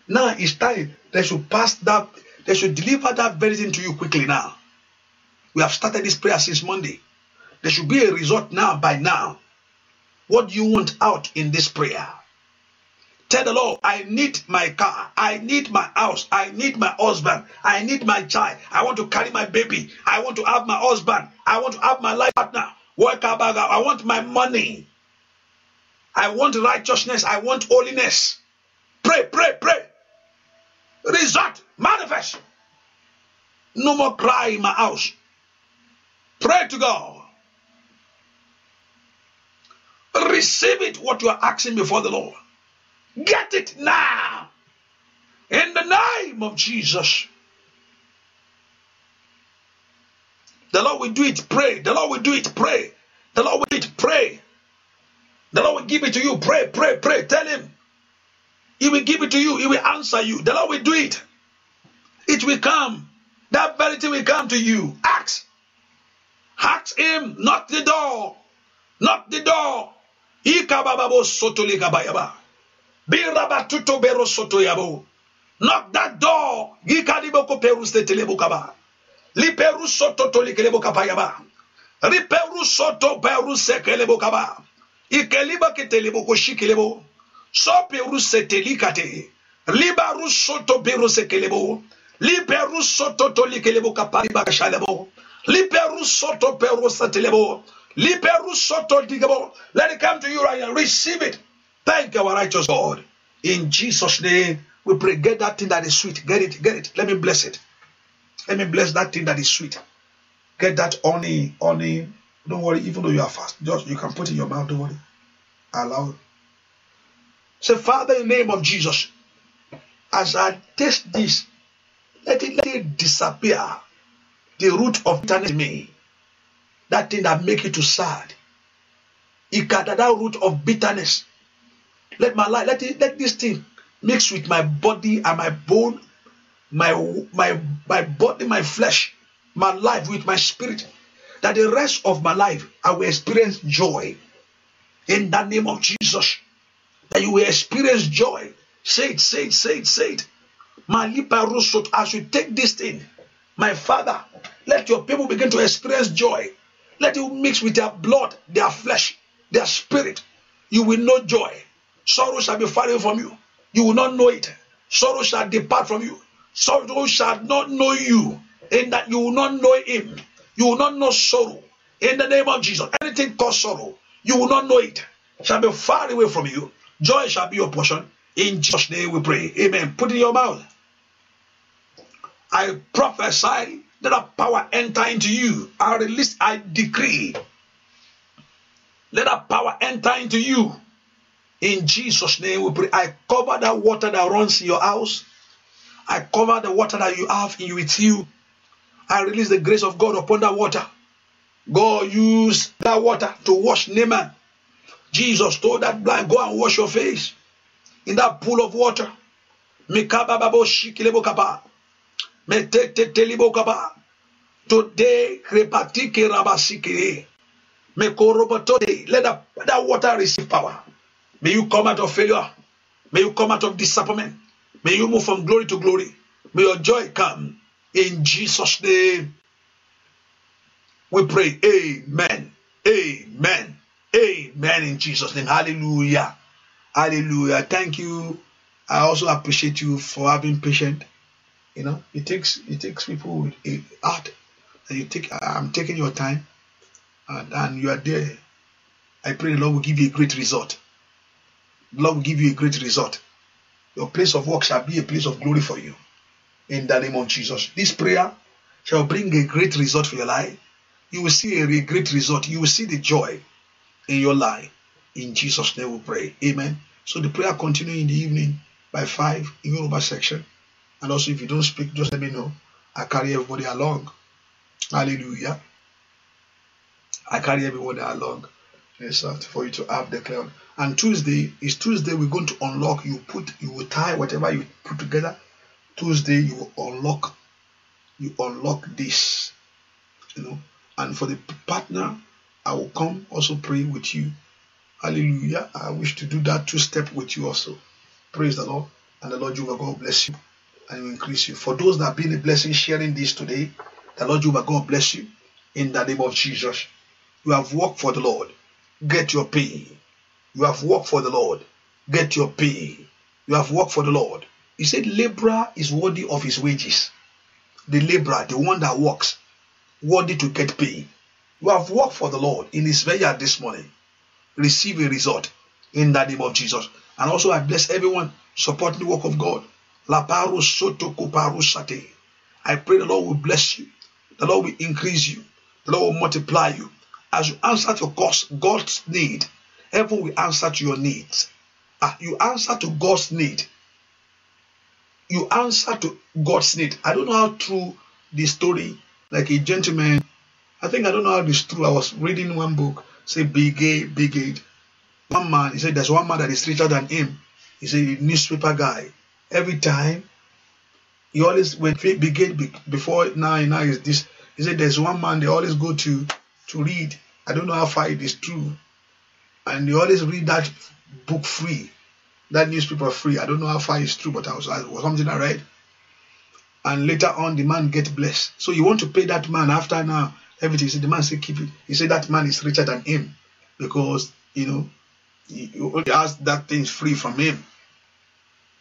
Now it's time they should pass that they should deliver that very thing to you quickly now. We have started this prayer since Monday. There should be a result now by now. What do you want out in this prayer? Tell the Lord, I need my car. I need my house. I need my husband. I need my child. I want to carry my baby. I want to have my husband. I want to have my life partner. Work about I want my money. I want righteousness. I want holiness. Pray, pray, pray result, manifest. No more cry in my house. Pray to God. Receive it what you are asking before the Lord. Get it now. In the name of Jesus. The Lord will do it, pray. The Lord will do it, pray. The Lord will do it, pray. The Lord will give it to you, pray, pray, pray. Tell Him. He will give it to you. He will answer you. The Lord will do it. It will come. That very thing will come to you. Ask. Ask him. not the door. Not the door. Knock that door. Gikadiboko peruste telebukaba. Liperu soto tolikelebukapayaba. Riperu soto peru sekelebukaba. soperusetelikate libarusotoperusekelebo liperusototolekelebo kaparibakashalebo liperusotopeurusetelebo liperusotodikebo let it come to you right now receive it thank our righteous God in Jesus name we pray get that thing that is sweet get it get it let me bless it let me bless that thing that is sweet get that honey honey don't worry even though you are fast just you can put in your mouth don't worry allow Say, Father, in the name of Jesus, as I taste this, let it, let it disappear. The root of bitterness me. That thing that make you too sad. Ikada, that root of bitterness. Let my life, let it, let this thing mix with my body and my bone, my my my body, my flesh, my life with my spirit. That the rest of my life I will experience joy. In the name of Jesus. that you will experience joy. Say it, say it, say it, say it. Malipa Rusot, as you take this thing, my father, let your people begin to experience joy. Let you mix with their blood, their flesh, their spirit. You will know joy. Sorrow shall be far away from you. You will not know it. Sorrow shall depart from you. Sorrow shall not know you, in that you will not know him. You will not know sorrow. In the name of Jesus, anything cause sorrow, you will not know it. Shall be far away from you. Joy shall be your portion. In Jesus' name we pray. Amen. Put in your mouth. I prophesy that a power enter into you. I release, I decree. Let a power enter into you. In Jesus' name we pray. I cover that water that runs in your house. I cover the water that you have in, with you. I release the grace of God upon that water. God use that water to wash Naaman Jesus told that blind, Go and wash your face in that pool of water. Today, let that, that water receive power. May you come out of failure. May you come out of disappointment. May you move from glory to glory. May your joy come in Jesus' name. We pray. Amen. Amen. Amen in Jesus' name. Hallelujah. Hallelujah. Thank you. I also appreciate you for having patient. You know, it takes it takes people out. And you take I'm taking your time and, and you are there. I pray the Lord will give you a great result. The Lord will give you a great result. Your place of work shall be a place of glory for you. In the name of Jesus. This prayer shall bring a great result for your life. You will see a great result. You will see the joy in your life. In Jesus' name we pray. Amen. So the prayer continue in the evening by 5 in Yoruba section. And also, if you don't speak, just let me know. I carry everybody along. Hallelujah. I carry everybody along. Yes, for you to have the declared. And Tuesday is Tuesday. We're going to unlock. You put, you will tie whatever you put together. Tuesday, you will unlock. You unlock this. You know. And for the partner I will come also pray with you. Hallelujah. I wish to do that two step with you also. Praise the Lord. And the Lord Jehovah God bless you and increase you. For those that have been a blessing sharing this today, the Lord Jehovah God bless you in the name of Jesus. You have worked for the Lord. Get your pay. You have worked for the Lord. Get your pay. You have worked for the Lord. He said, Laborer is worthy of his wages. The laborer, the one that works, worthy to get paid. You have worked for the Lord in His vineyard this morning. Receive a result in the name of Jesus. And also, I bless everyone supporting the work of God. La soto sate. I pray the Lord will bless you. The Lord will increase you. The Lord will multiply you. As you answer to God's, need, heaven will answer to your needs. Ah, you answer to God's need. You answer to God's need. I don't know how true the story, like a gentleman I think I don't know how this true. I was reading one book, say Brigade, Brigade. One man, he said there's one man that is richer than him. He's a newspaper guy. Every time, he always when Brigade before now now is this. He said there's one man they always go to to read. I don't know how far it is true, and they always read that book free, that newspaper free. I don't know how far it's true, but I was, I was something I read. And later on, the man get blessed. So you want to pay that man after now everything. So the man said, keep it. He said, that man is richer than him because, you know, you only ask that thing free from him.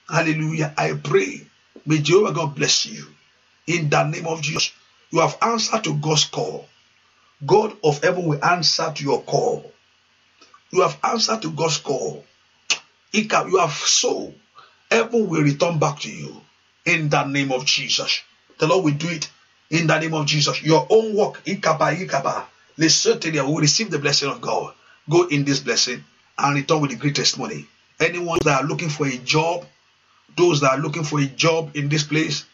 Hallelujah. I pray. May Jehovah God bless you. In the name of Jesus, you have answered to God's call. God of heaven will answer to your call. You have answered to God's call. you have so heaven will return back to you in the name of Jesus. The Lord will do it in the name of Jesus. Your own work, ikaba, ikaba, certainly will receive the blessing of God. Go in this blessing and return with the great testimony. Anyone that are looking for a job, those that are looking for a job in this place,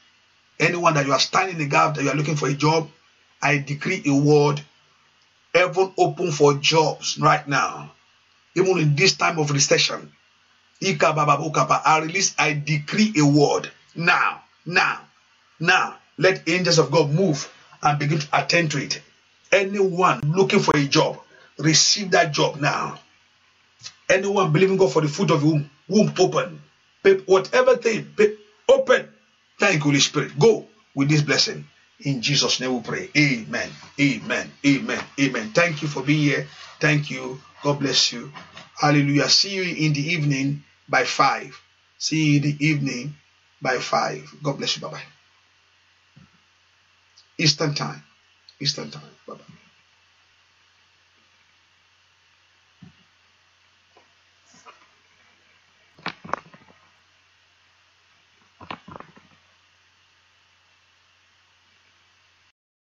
anyone that you are standing in the gap that you are looking for a job, I decree a word, heaven open for jobs right now. Even in this time of recession, I release, I decree a word now, now, now Let angels of God move and begin to attend to it. Anyone looking for a job, receive that job now. Anyone believing God for the foot of whom, womb, womb open. Whatever thing, open. Thank you, Holy Spirit. Go with this blessing. In Jesus' name we pray. Amen. Amen. Amen. Amen. Thank you for being here. Thank you. God bless you. Hallelujah. See you in the evening by 5. See you in the evening by 5. God bless you. Bye bye. Eastern Time. Eastern Time. Bye bye.